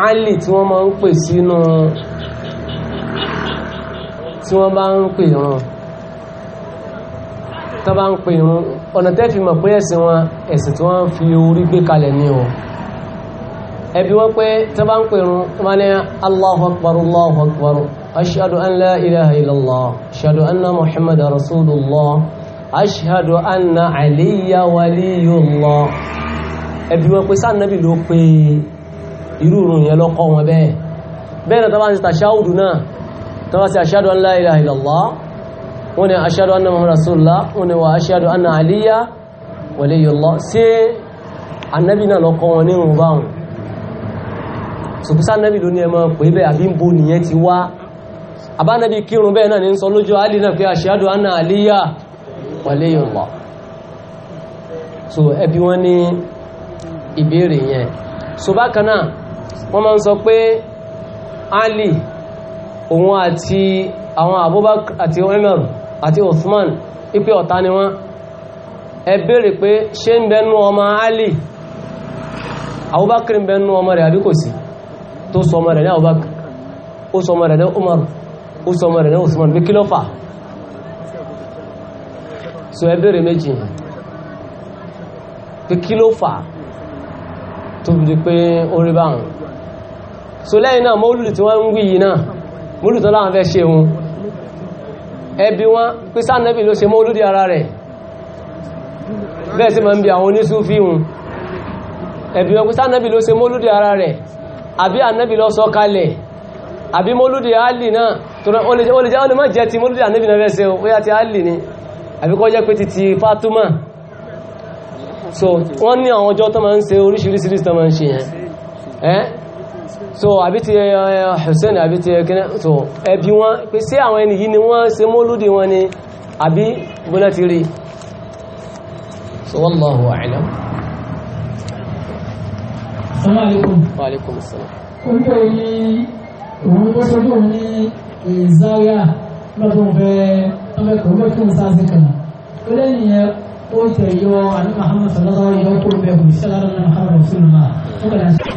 alì tí wọ́n máa ń pè sínú tí wọ́n bá ń pè ìrun tó bá ń pè ọ̀nà tẹ́fì mọ̀ pé ẹ̀sìn wọn ẹ̀sìn tí wọ́n fi orí gbé kalẹ̀ ní ọ̀ ẹbí wọ́n pé tó bá ń pè wọ́n أشهد أن لا إله إلا الله أشهد أن محمد رسول الله أشهد أن علي ولي الله ẹbí wọn pé sáà nàbì ló pé irú ìrùn yẹn lọ́kọ́ wọn bẹ́ẹ̀ bẹ́ẹ̀ náà tàbá ti tàṣáwùdù náà tàbá ti ashhadu an la ilaha illallah wọ́n ni ashhadu anna muhammadur rasulullah wọ́n ni wà ashhadu anna aliya waliyullah sí annabi náà lọ́kọ́ wọn nínú báwọn àbánabi kírun bẹ́ẹ̀ náà ní sọ lójú alì náà pé ashhadu anna àlíyà waliyullah so ẹbí wọ́n ní ìbéèrè yẹn so bákanáà wọ́n máa ń sọ pé alì òun àti àwọn abubakar àti umar àti uthman ipe ọ̀tá ni wọ́n ẹ béèrè pé ṣé ń bẹnu ọmọ alì abubakar ń bẹnu ọmọ rẹ̀ àbí tó sọ rẹ̀ ní abubakar ó sọ rẹ̀ ní umar ó sọ ọmọ rẹ̀ ní Usman bí kí ló fà so ẹ bèèrè méjì pé kí ló fà tó fi di pé ó rí báhùn so lẹ́yìn náà mọ́lùdù tí wọ́n ń wí yìí náà mọ́lùdù tó láwọn fẹ́ ṣe wọn ẹbí wọn pé sánẹ́bì ló ṣe mọ́lùdù ara rẹ̀ bẹ́ẹ̀ sí ma ń bí àwọn onísúfí wọn ẹbí wọn pé sánẹ́bì ló ṣe mọ́lùdù ara rẹ̀ àbí ànẹ́bì ló sọ kalẹ̀ àbí mọ́lúdì alì náà tọ́rọ olèjẹ́ olèmọ́ jẹ́ ti mọ́lúdì ànábì náà fẹ́sẹ̀ bóyá ti alì ni àbí kọ́ jẹ́ pé ti ti Fátúmà so wọ́n ní àwọn ọjọ́ tó máa ń ṣe oríṣiríṣiríṣi tó máa ń ṣe yẹn ẹ́ so àbí ti Hussein àbí ti ẹkẹ́nẹ́ so ẹbí wọn pé sí àwọn ẹni yìí ni wọ́n ṣe mọ́lúdì wọn ni àbí bóná ti òun ó sọ fún òun ní Zaria lọ́dún fẹ́ tọ́fẹ́kọ̀ mẹ́fún sáàsì kan ó lẹ́yìn yẹn ó tẹ̀ yọ àní Muhammad sallallahu alaihi wa sallam yọ kó bẹ́ẹ̀ kò sí alára náà